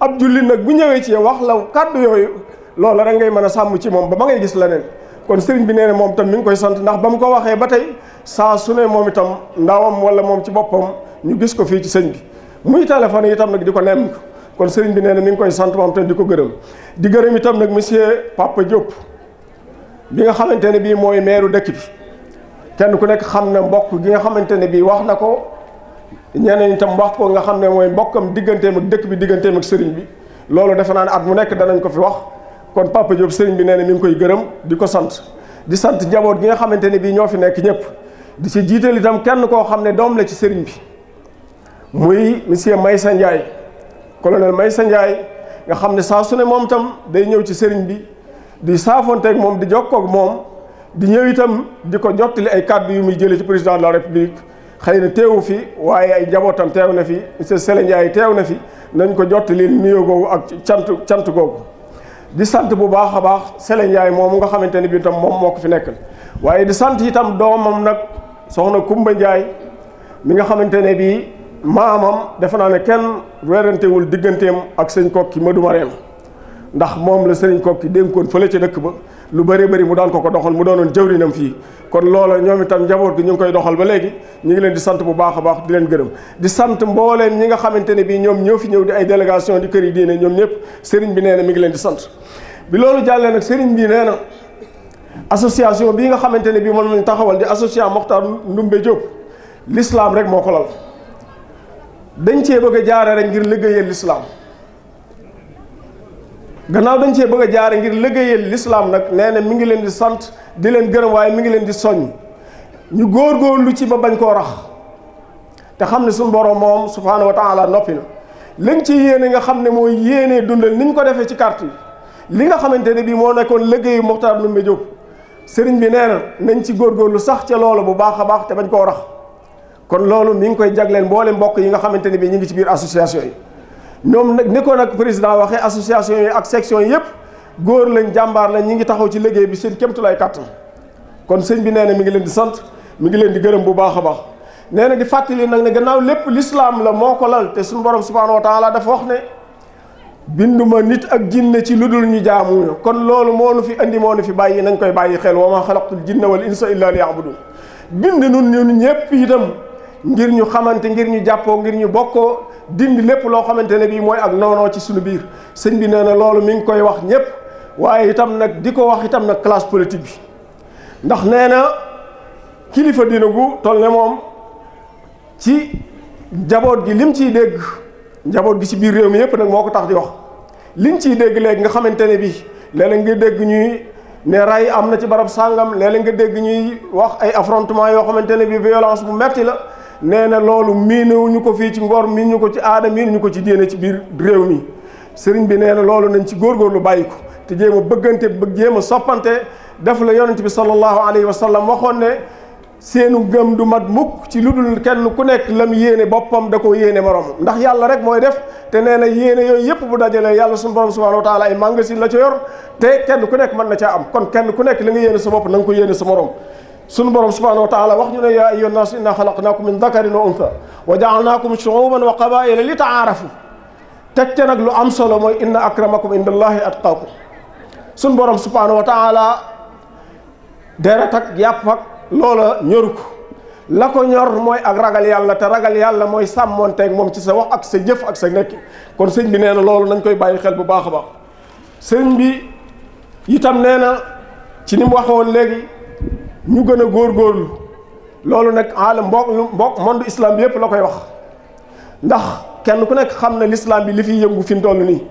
ab jullit nag bu ñëwee ci yow wax la kàddu yooyu loolu rek ngay mën a sàmm ci moom ba ma ngay gis leneen kon sëriñ bi nee na moom tam mi ngi koy sant ndax ba mu ko waxee ba tey saa su ne moom itam ndawam wala moom ci boppam ñu gis ko fii ci sëñ bi muy téléphone itam nag di ko nemm kon sëriñ bi nee na mi ngi koy sant moom itam di ko gërëm di gërëm itam nag monsieur Papa Diop bi nga xamante ne bii mooy meeru dëkk bi kenn ku nekk xam na mbokk gi nga xamante ne bii wax na ko ñeneen itam wax ko nga xam ne mooy mbokkam digganteem ak dëkk bi digganteem ak sëriñ bi loolu defe naa ne at mu nekk danañ ko fi wax kon Papa Diop sëriñ bi nee na mi ngi koy gërëm di ko sant di sant njaboot gi nga xamante ne bii ñoo fi nekk ñëpp di ci jiital itam kenn koo xam ne doom la ci sëriñ bi muy monsieur Maysa Ndiaye colonel Maysa Ndiaye nga xam ne saa su ne moom itam day ñëw ci sëriñ bi di saafonteeg moom di kook moom di ñëw itam di ko jottali ay kaddu yu muy jëlee ci président de la république xëy na teewu fi waaye ay njabootam teew na fi monsieur Sele Ndiaye teew na fi nañ ko jot leen nuyoo googu ak cant cant googu di sant bu baax a baax Sele Ndiaye moom nga xamante ne bii tam moom moo ko fi nekkal waaye di sant itam doomam nag soxna Kumba njaay mi nga xamante ne bii maamam defe naa ne kenn werantewul digganteem ak sëñ kokki Madou Marème ndax moom la sëriñ kokki dénkoon fële ca dëkk ba lu bëri bëri mu daan ko ko doxal mu doonoon jëwrinam fii kon loola ñoom itam njaboot gi ñu ngi koy doxal ba léegi ñu ngi leen di sant bu baax a baax di leen gërëm di sant mbooleem ñi nga xamante ne bii ñoom ñëw fi ñëw di ay délégation di kër yi diine ñoom ñëpp sëriñ bi nee na mi ngi leen di sant bi loolu jàllee nag sëriñ bi nee na association bii nga xamante ne bii moom lañ taxawal di association Mokhtar Ndoumbé Diop lislaam rek moo ko lal dañ cee bëgg jaare rek ngir liggéeyal l'islam gannaaw dañ cee bëgg a jaare ngir liggéeyal lislaam nag nee na mi ngi leen di sant di leen gërëm waaye mi ngi leen di soññ ñu góor góorgóorlu ci ba bañ koo rax te xam ne suñu borom moom subhaanahu wa taala noppi na lañ ci yéene nga xam ne mooy yéenee dundal ni ñu ko defee ci carte yi li nga xamante ne bii moo nekkoon liggéeyu Mokhtar Ndoumbé Diop sëriñ bi nee na nañ ci góor góorgóorlu sax ca loolu bu baax a baax te bañ koo rax kon loolu mi ngi koy jagleel mboolem mbokk yi nga xamante ne bii ñu ngi ci biir association yi ñoom nag ni ko nag président waxee association yi ak section yëpp góor lañ jàmbaar lañ ñi ngi taxaw ci liggéey bi seen kéemtulaay kàttan kon sëñ bi nee na mi ngi leen di sant mi ngi leen di gërëm bu baax a baax nee na di fàttali nag ne gannaaw lépp lislaam la moo ko lal te suñu borom subhaanahu wa taala dafa wax ne binduma nit ak jinne ci lu dul ñu jaamu kon loolu moo nu fi andi moo nu fi bàyyi nañ koy bàyyi xel wa ma xalaqtul jinna wal insa illa liya'budun bind nun ñun ñëpp itam ngir ñu xamante ngir ñu jàppoo ngir ñu bokkoo dindi lépp loo xamante ne bii mooy ak noonoo ci suñu biir sëñ bi nee na loolu mi ngi koy wax ñëpp waaye itam nag di ko wax itam nag classe politique bi ndax nee na kilifa dina gu toll ne moom ci njaboot gi lim ciy dégg njaboot gi ci biir réew mi yëpp nag moo ko tax di wax liñ ciy dégg léegi nga xamante ne bi léeg nga dégg ñuy ne ray am na ci barab sàngam léeg-léeg nga dégg ñuy wax ay affrontement yoo xamante ne bii violence bu metti la nee na loolu miinewuñu ko fii ci ngor ñu ko ci aada ñu ko ci diine ci biir réew mi sëriñ bi nee na loolu nañ ci lu bàyyi ko te jéem a bëggante bëgg jéem a soppante def la yonent bi sallallahu alayhi wa sallam waxoon ne seenu gëm du mat mukk ci lu kenn ku nekk lam yéene boppam da ko yéene morom ndax yàlla rek mooy def te nee na yéene yooyu yëpp bu dajalee yàlla suñu borom subhanahu wa taala ay màngasin la ca yor te kenn ku nekk mën na caa am kon kenn ku nekk la nga yéene sa bopp na ko yéene sa morom sunu borom subhanahu wa taala wax ñu ne yaa ayyuha nnaas inna xalaqnaakum min dakarin wa untha wa jaalnaakum shuuban wa qabaila li taarafu teg ca nag lu am solo mooy inna akramakum indallahi atqaakum sunu borom subhanahu wa taala deret ak yàpp ak loola ñoru ko la ko mooy ak ragal yàlla te ragal yàlla mooy sàmmoonteek moom ci sa wax ak sa jëf ak sa nekki kon sëñ bi nee na loolu nañ koy bàyyi xel bu baax a baax sëñ bi itam nee na ci ni mu waxoon léegi ñu gën a góorgóorlu loolu nag alam mbokk mbokk monde islaam bi yëpp la koy wax ndax kenn ku nekk xam na lislaam bi li fi yëngu fi mu toll nii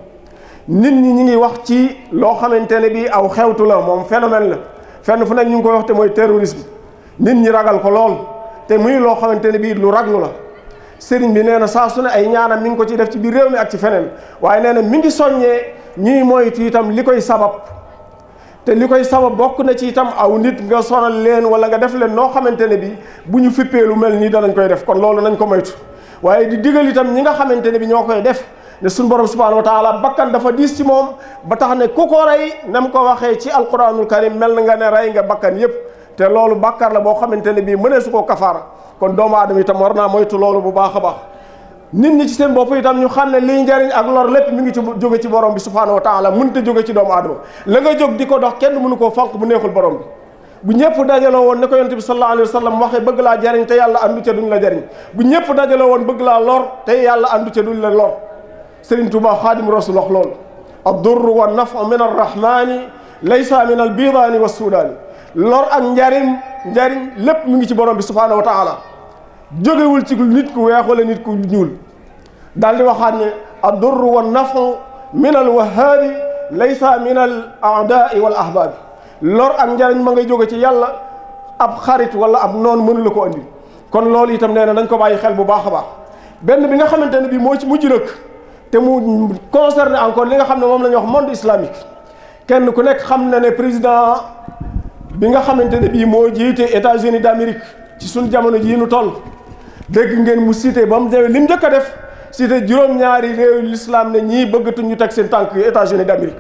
nit ñi ñu ngi wax ci loo xamante ne bii aw xewtu la moom phénomène la fenn fu nekk ñu ngi koy wax te mooy terrorisme nit ñi ragal ko lool te muy loo xamante ne bii lu raglu la. sëriñ bi nee na saa su ne ay ñaanam mi ngi ko ci def ci biir réew mi ak ci feneen waaye nee na mi ngi soññee ñuy moytu itam li koy sabab. te li koy sabab bokk na ci itam aw nit nga soral leen wala nga def leen noo xamante ne bi bu ñu fippee lu mel nii danañ koy def kon loolu nañ ko moytu waaye di digal itam ñi nga xamante ne bi ñoo koy def ne suñu borom subhanahu wa taala bakkan dafa diis ci moom ba tax ne ku ko rey na mu ko waxee ci alquranul karim mel na nga ne rey nga bakkan yépp te loolu bàkkaar la boo xamante ne bii mënee su ko kafaar kon doomu aadama itam war naa moytu loolu bu baax a baax nit ñi ci seen bopp itam ñu xam ne liy njariñ ak lor lépp mi ngi ci jóge ci borom bi subhaanahu wa taala mënut a jóge ci doomu aadama la nga jóg di ko dox kenn mënu koo fonk bu neexul borom bi bu ñëpp dajaloo woon ne ko yonent bi sallallahu alayhi wa sallam waxee bëgg laa jariñ te yàlla andu ca duñ la jariñ bu ñëpp dajaloo woon bëgg laa lor te yàlla andu ca duñ la lor Sëriñ Tuubaa Xaadimu Rasuul wax loolu ad-durru wa nafu min arrahmani laysa min albidaani wa suudaani lor ak njariñ njariñ lépp mi ngi ci borom bi subhaanahu wa taala jógewul ci nit ku weex wala nit ku ñuul daal di waxaat ne addurru wa nafu min al wahaabi laysa min al aadaai wal ahbaabi lor ak njariñ ma ngay jóge ci yàlla ab xarit wala ab noon mënu la ko andi kon loolu itam nee na nañ ko bàyyi xel bu baax a baax benn bi nga xamante ne bii moo ci mujj nag te mu concerné encore li nga xam ne moom la ñuy wax monde islamique kenn ku nekk xam na ne président bi nga xamante ne bii moo jiite états uni d'Amérique ci suñu jamono jii nu toll dégg ngeen mu cité ba mu demee li mu jëkk def cité juróom-ñaari réew l'islam ne ñii bëggatuñ ñu teg seen tànk États-Unis d'Amérique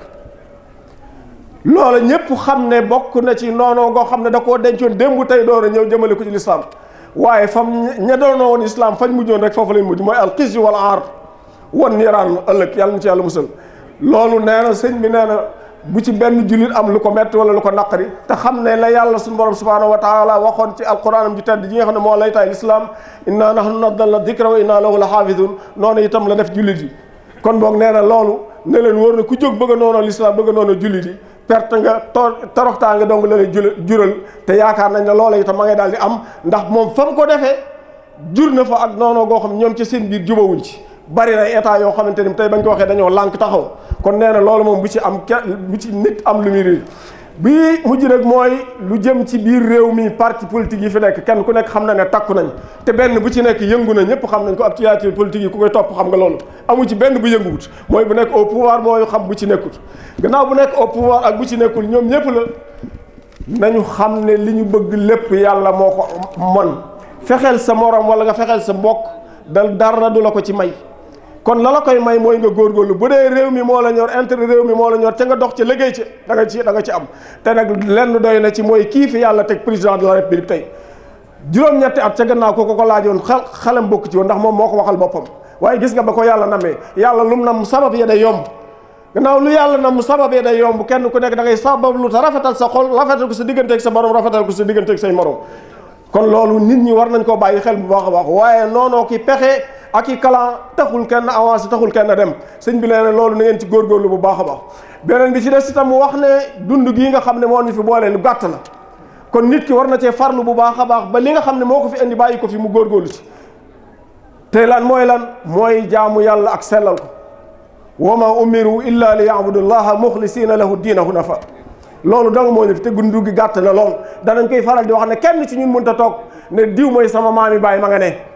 loola ñëpp xam ne bokk na ci noonoo goo xam ne da koo dencoon démb tey door a ñëw jëmale ko ci lislaam waaye fam ña doonoo woon islaam fañ mujjoon rek foofu lañ mujj mooy alxis wala aar wan niiraan ëllëg yàlla na ci yàlla musal loolu nee na bi nee bu ci benn jullit am lu ko metti wala lu ko naqari te xam ne la yàlla suñu borom subhaanahu wa taala waxoon ci alquranam ju tedd ji nga xam ne moo lay taay lislaam inna nahnu nazzalna dikra wa inna lahu la xaafidun noonu itam la def jullit yi kon boog nee na loolu ne leen wóor ku jóg bëgg a noonu lislaam bëgg a noonu jullit yi perte nga toroxtaa nga dong la lay jural te yaakaar nañ ne loola itam ma ngay daal di am ndax moom fa mu ko defee jur na fa ak noonu goo xam ñoom ci seen biir jubawuñ ci bari na état yoo xamante ni tey bañ ko waxee dañoo lànk taxaw kon nee na loolu moom bu ci am kenn bu ci nit am lu muy réer bi mujj nag mooy lu jëm ci biir réew mii parti politique yi fi nekk kenn ku nekk xam na ne takku nañ te benn bu ci nekk yëngu na ñëpp xam nañ ko ab théâtre politique yi ku koy topp xam nga loolu amu ci benn bu yënguwut mooy bu nekk au pouvoir mooy xam bu ci nekkut gannaaw bu nekk au pouvoir ak bu ci nekkul ñoom ñëpp la nañu xam ne li ñu bëgg lépp yàlla moo ko man fexeel sa morom wala nga fexeel sa mbokk dal dara du la ko ci may kon la la koy may mooy nga góorgóorlu bu dee réew mi moo la ñor intérêt réew mi moo la ñor te nga dox ci liggéey ci da nga ci da am te nag lenn doy na ci mooy kii fi yàlla teg président de la république tey juróom-ñetti at ca gannaaw ko ko ko laajoon xel xelam bokk ci woon ndax moo ko waxal boppam waaye gis nga ba ko yàlla namee yàlla lum nam sabab ya day yomb gannaaw lu yàlla nam sabab ya day yomb kenn ku nekk da ngay sabab lu te rafetal sa xol rafetal ko sa digganteeg sa borom rafetal ko sa digganteeg say morom kon loolu nit ñi war nañ koo bàyyi xel bu baax a baax waaye ak i kalan taxul kenn avancé taxul kenn dem sëñ bi leen na loolu na ngeen ci góorgóorlu bu baax a baax beneen bi ci des itam mu wax ne dund gii nga xam ne moo ñu fi boole lu gàtt la kon nit ki war na cee farlu bu baax a baax ba li nga xam ne moo ko fi indi bàyyi ko fi mu góorgóorlu ci tey lan mooy lan mooy jaamu yàlla ak sellal ko wa ma umiru illa li yaabudullaha muxlisina lahu diina hunafa loolu danga moo ñu fi te dund gi gàtt na lool danañ koy faral di wax ne kenn ci ñun mënut a toog ne diw mooy sama maami bàyyi ma nga ne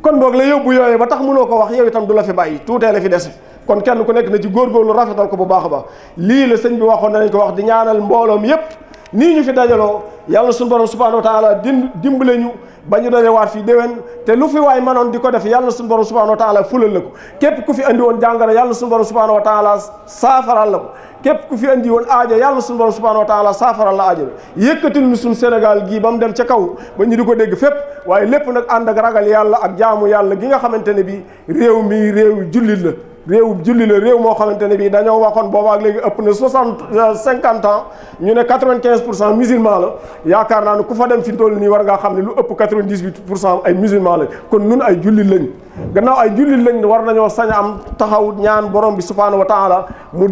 kon boog la yóbbu yooyu ba tax mënoo ko wax yow itam du la fi bàyyi tuutee la fi dese kon kenn ku nekk na ci góorgóorlu rafetal ko bu baax a lii la sëñ bi waxoon nañ ko wax di ñaanal mbooloom yépp nii ñu fi dajaloo yàlla suñu borom subhanahu wa taala dim dimbale ñu ba ñu waat fii déwén te lu fi waay manoon di ko def yàlla suñu borom subhanahu wa taala fulal la ko képp ku fi andi woon jàngoro yàlla suñu borom subhanahu wa taala saafaral la ko képp ku fi andi woon aajo yàlla suñu borom subhanahu wa taala saafaral la aajo bi yëkkatil ñu suñu Sénégal gii ba mu dem ca kaw ba ñu di ko dégg fépp waaye lépp nag ànd ak ragal yàlla ak jaamu yàlla gi nga xamante ne bi réew mi réew jullit la réew julli réew moo xamante ne bii dañoo waxoon boobaa ak léegi ëpp na soixante euh, cinquante ans ñu ne quatre vingt quinze pour cent musulman la yaakaar naa ne ku fa dem fi toll nii war ngaa xam ne lu ëpp quatre vingt dix huit pour cent ay musulman la kon nun ay julli lañ gannaaw ay julli lañ war nañoo sañ am taxaw ñaan borom bi subhaanahu wa taala mu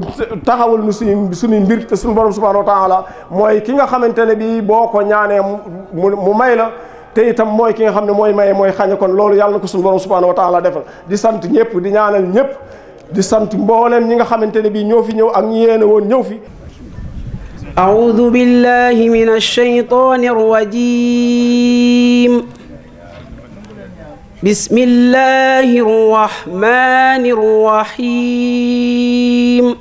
taxawal nu suñu suñuy mbir te suñu borom subhaanahu wa taala mooy ki nga xamante ne bii boo ko ñaanee mu mu may la. te itam mooy ki nga xam ne mooy maye mooy xañe kon loolu yàlla na ko suñu borom subhaanahu wa taala defal di sant ñëpp di ñaanal ñëpp di sant mbooleem ñi nga xamante ne bii ñoo fi ñëw ak ñi yéene woon ñëw fi أعوذ بالله من الشيطان الرجيم بسم الله الرحمن الرحيم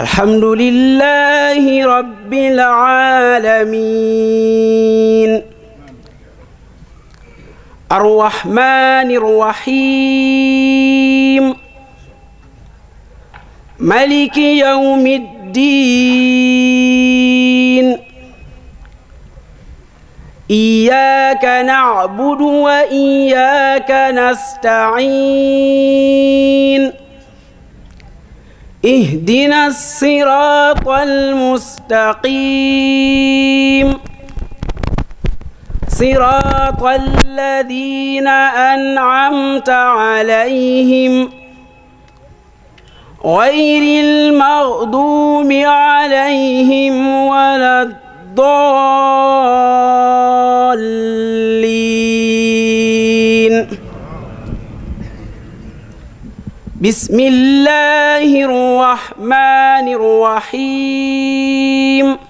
الحمد لله رب العالمين الرحمن الرحيم ملك يوم الدين إياك نعبد وإياك نستعين اهدنا الصراط المستقيم صراط الذين أنعمت عليهم غير المغضوب عليهم ولا الضالين بسم الله الرحمن الرحيم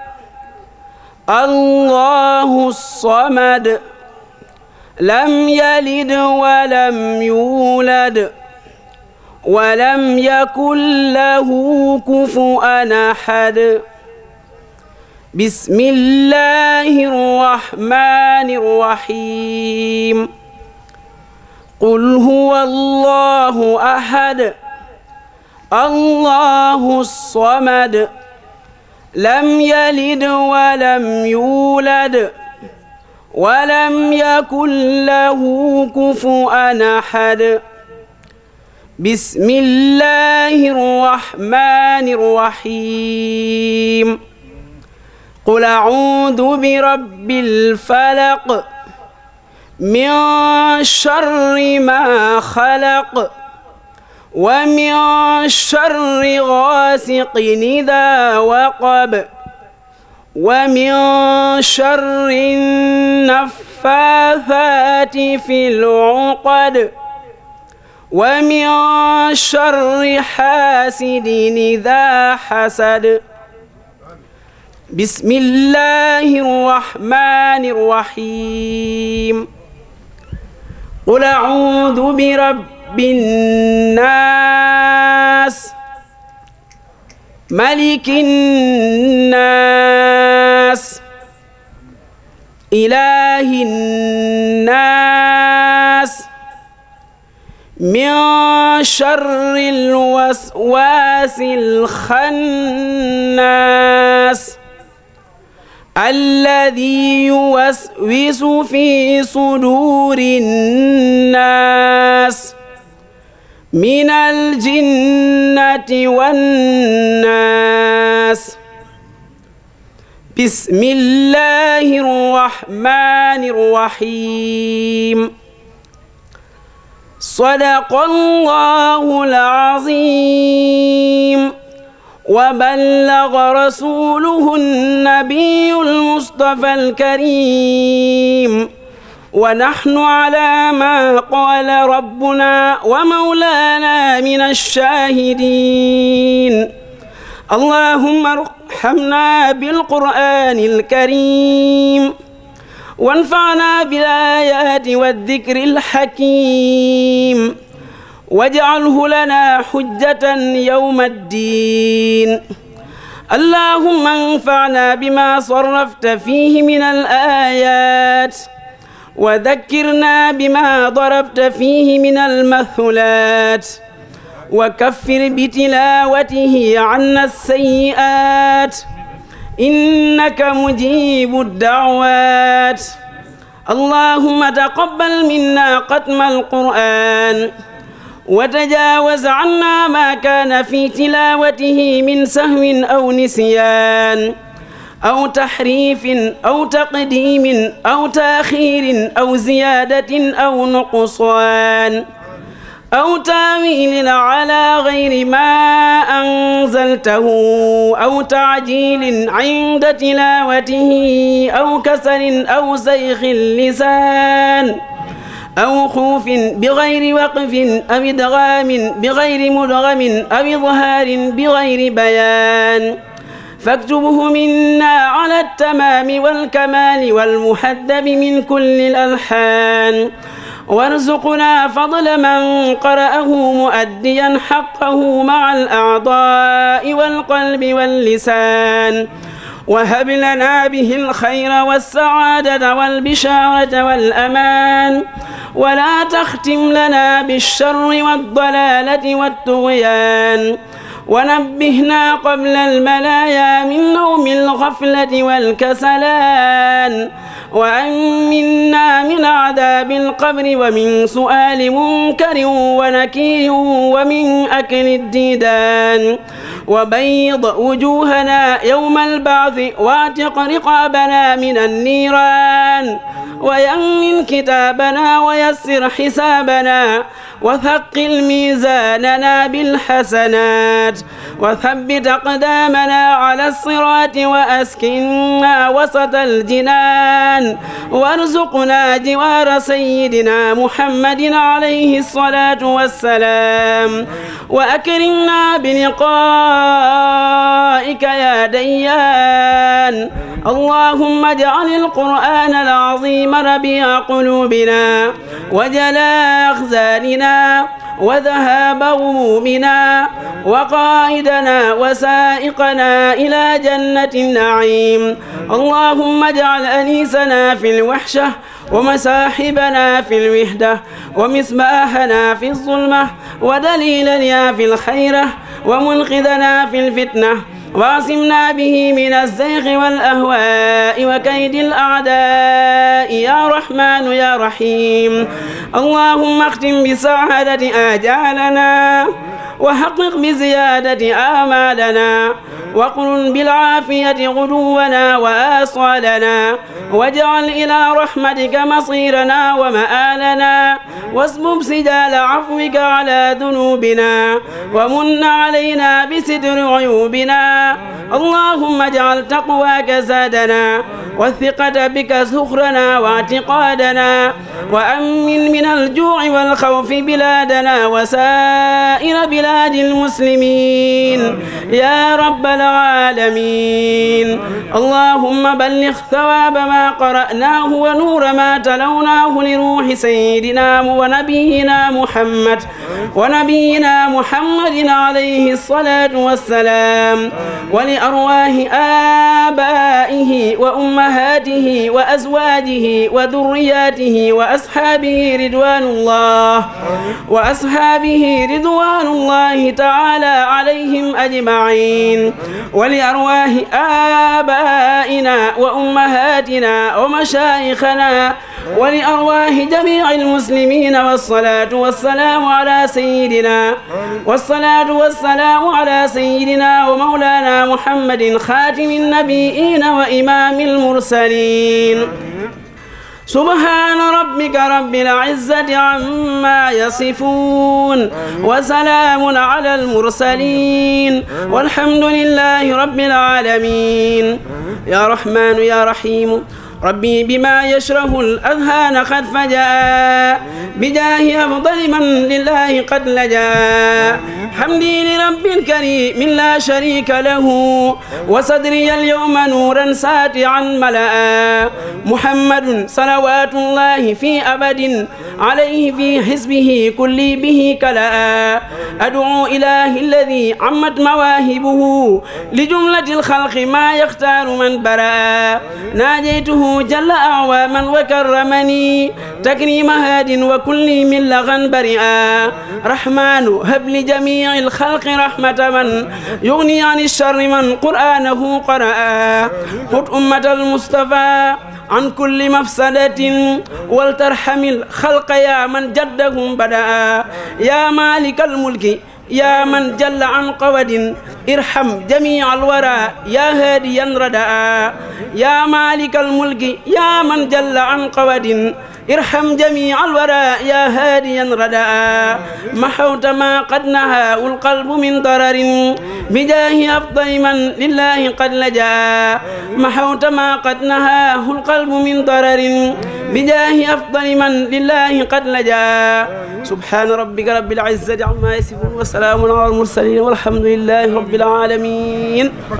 الله الصمد لم يلد ولم يولد ولم يكن له كفؤا أحد بسم الله الرحمن الرحيم قل هو الله أحد الله الصمد لم يلد ولم يولد ولم يكن له كفؤا أحد بسم الله الرحمن الرحيم قل أعوذ برب الفلق من شر ما خلق ومن شر غاسق إذا وقب ومن شر النفاثات في العقد ومن شر حاسد إذا حسد بسم الله الرحمن الرحيم قل أعوذ برب رب الناس ملك الناس إله الناس من شر الوسواس الخناس الذي يوسوس في صدور الناس من الجنة والناس بسم الله الرحمن الرحيم صدق الله العظيم وبلغ رسوله النبي المصطفى الكريم ونحن على ما قال ربنا ومولانا من الشاهدين اللهم ارحمنا بالقرآن الكريم وانفعنا بالآيات والذكر الحكيم واجعله لنا حجة يوم الدين اللهم انفعنا بما صرفت فيه من الآيات وذكرنا بما ضربت فيه من المثلات وكفر بتلاوته عنا السيئات إنك مجيب الدعوات اللهم تقبل منا ختم القرآن وتجاوز عنا ما كان في تلاوته من سهو أو نسيان aw taxriifin aw taqdiimin aw taaxiirin aw ziyaadatin aw nuqsaan aw taawiilin ala gayri maa anzaltahu aw tacjiilin cinda tilaawatihi aw kasalin aw sayxin lisaan aw xuufin bi gayri waqfin aw idgaamin bi gayri mudgamin aw idhaarin bi gayri bayaan فاكتبه منا على التمام والكمال والمحدب من كل الألحان وارزقنا فضل من قرأه مؤديا حقه مع الأعضاء والقلب واللسان وهب لنا به الخير والسعادة والبشارة والأمان ولا تختم لنا بالشر والضلالة والطغيان ونبهنا قبل المنايا من نوم الغفلة والكسلان وأمنا من عذاب القبر ومن سؤال منكر ونكير ومن أكل الديدان وبيض وجوهنا يوم البعث واعتق رقابنا من النيران ويمن كتابنا ويسر حسابنا وثقل ميزاننا بالحسنات وثبت أقدامنا على الصراط وأسكنا وسط الجنان القرآن وارزقنا جوار سيدنا محمد عليه الصلاة والسلام وأكرمنا بلقائك يا ديان اللهم اجعل القرآن العظيم ربيع قلوبنا وجلاء أخزاننا وذهاب غمومنا وقائدنا وسائقنا إلى جنة النعيم اللهم اجعل أنيسنا في الوحشة ومساحبنا في الوحدة ومسباحنا في الظلمة ودليلنا في الخيرة ومنقذنا في الفتنة واعصمنا به من الزيغ والأهواء وكيد الأعداء يا رحمن يا رحيم اللهم اختم بسعادة آجالنا وحقق بزيادة آمالنا وقرن بالعافية غدونا وآصالنا واجعل إلى رحمتك مصيرنا ومآلنا واسبب سجال عفوك على ذنوبنا ومن علينا بستر عيوبنا اللهم اجعل تقواك زادنا والثقة بك سخرنا واعتقادنا وأمن من الجوع والخوف بلادنا وسائر بلادنا بلاد المسلمين يا رب العالمين اللهم بلغ ثواب ما قرأناه ونور ما تلوناه لروح سيدنا ونبينا محمد ونبينا محمد عليه الصلاة والسلام ولأرواح آبائه وأمهاته وأزواجه وذرياته وأصحابه رضوان الله وأصحابه رضوان الله الله تعالى عليهم أجمعين ولأرواح آبائنا وأمهاتنا ومشايخنا ولأرواح جميع المسلمين والصلاة والسلام على سيدنا والصلاة والسلام على سيدنا ومولانا محمد خاتم النبيين وإمام المرسلين سبحان ربك رب العزة عما يصفون وسلام على المرسلين والحمد لله رب العالمين يا رحمن يا رحيم ربي بما يشره الأذهان قد فجاء بجاه أفضل من لله قد لجا حمدي لرب الكريم لا شريك له وصدري اليوم نورا ساتعا ملأ محمد صلوات الله في أبد عليه في حزبه كل به كلا أدعو إله الذي عمت مواهبه لجملة الخلق ما يختار من برا ناجيته جل أعواما وكرمني تكريم هاد وكل من لغا برئا رحمن هب لجميع الخلق رحمة من يغني عن الشر من قرآنه قرأ خذ أمة المصطفى عن كل مفسدة ولترحم الخلق يا من جدهم بدأ يا مالك الملك يا من جل عن قود ارحم جميع الورى يا هاديا رداء يا مالك الملك يا من جل عن قود ارحم جميع الورى يا هاديا رداء محوت ما قد نهى القلب من ضرر بجاه أفضل من لله قد لجا محوت ما قد نهاه القلب من ضرر بجاه أفضل من لله قد لجا سبحان ربك رب العزة عما يصفون وسلام salaamun ala al mursalin walhamdulillahi rabbil alamin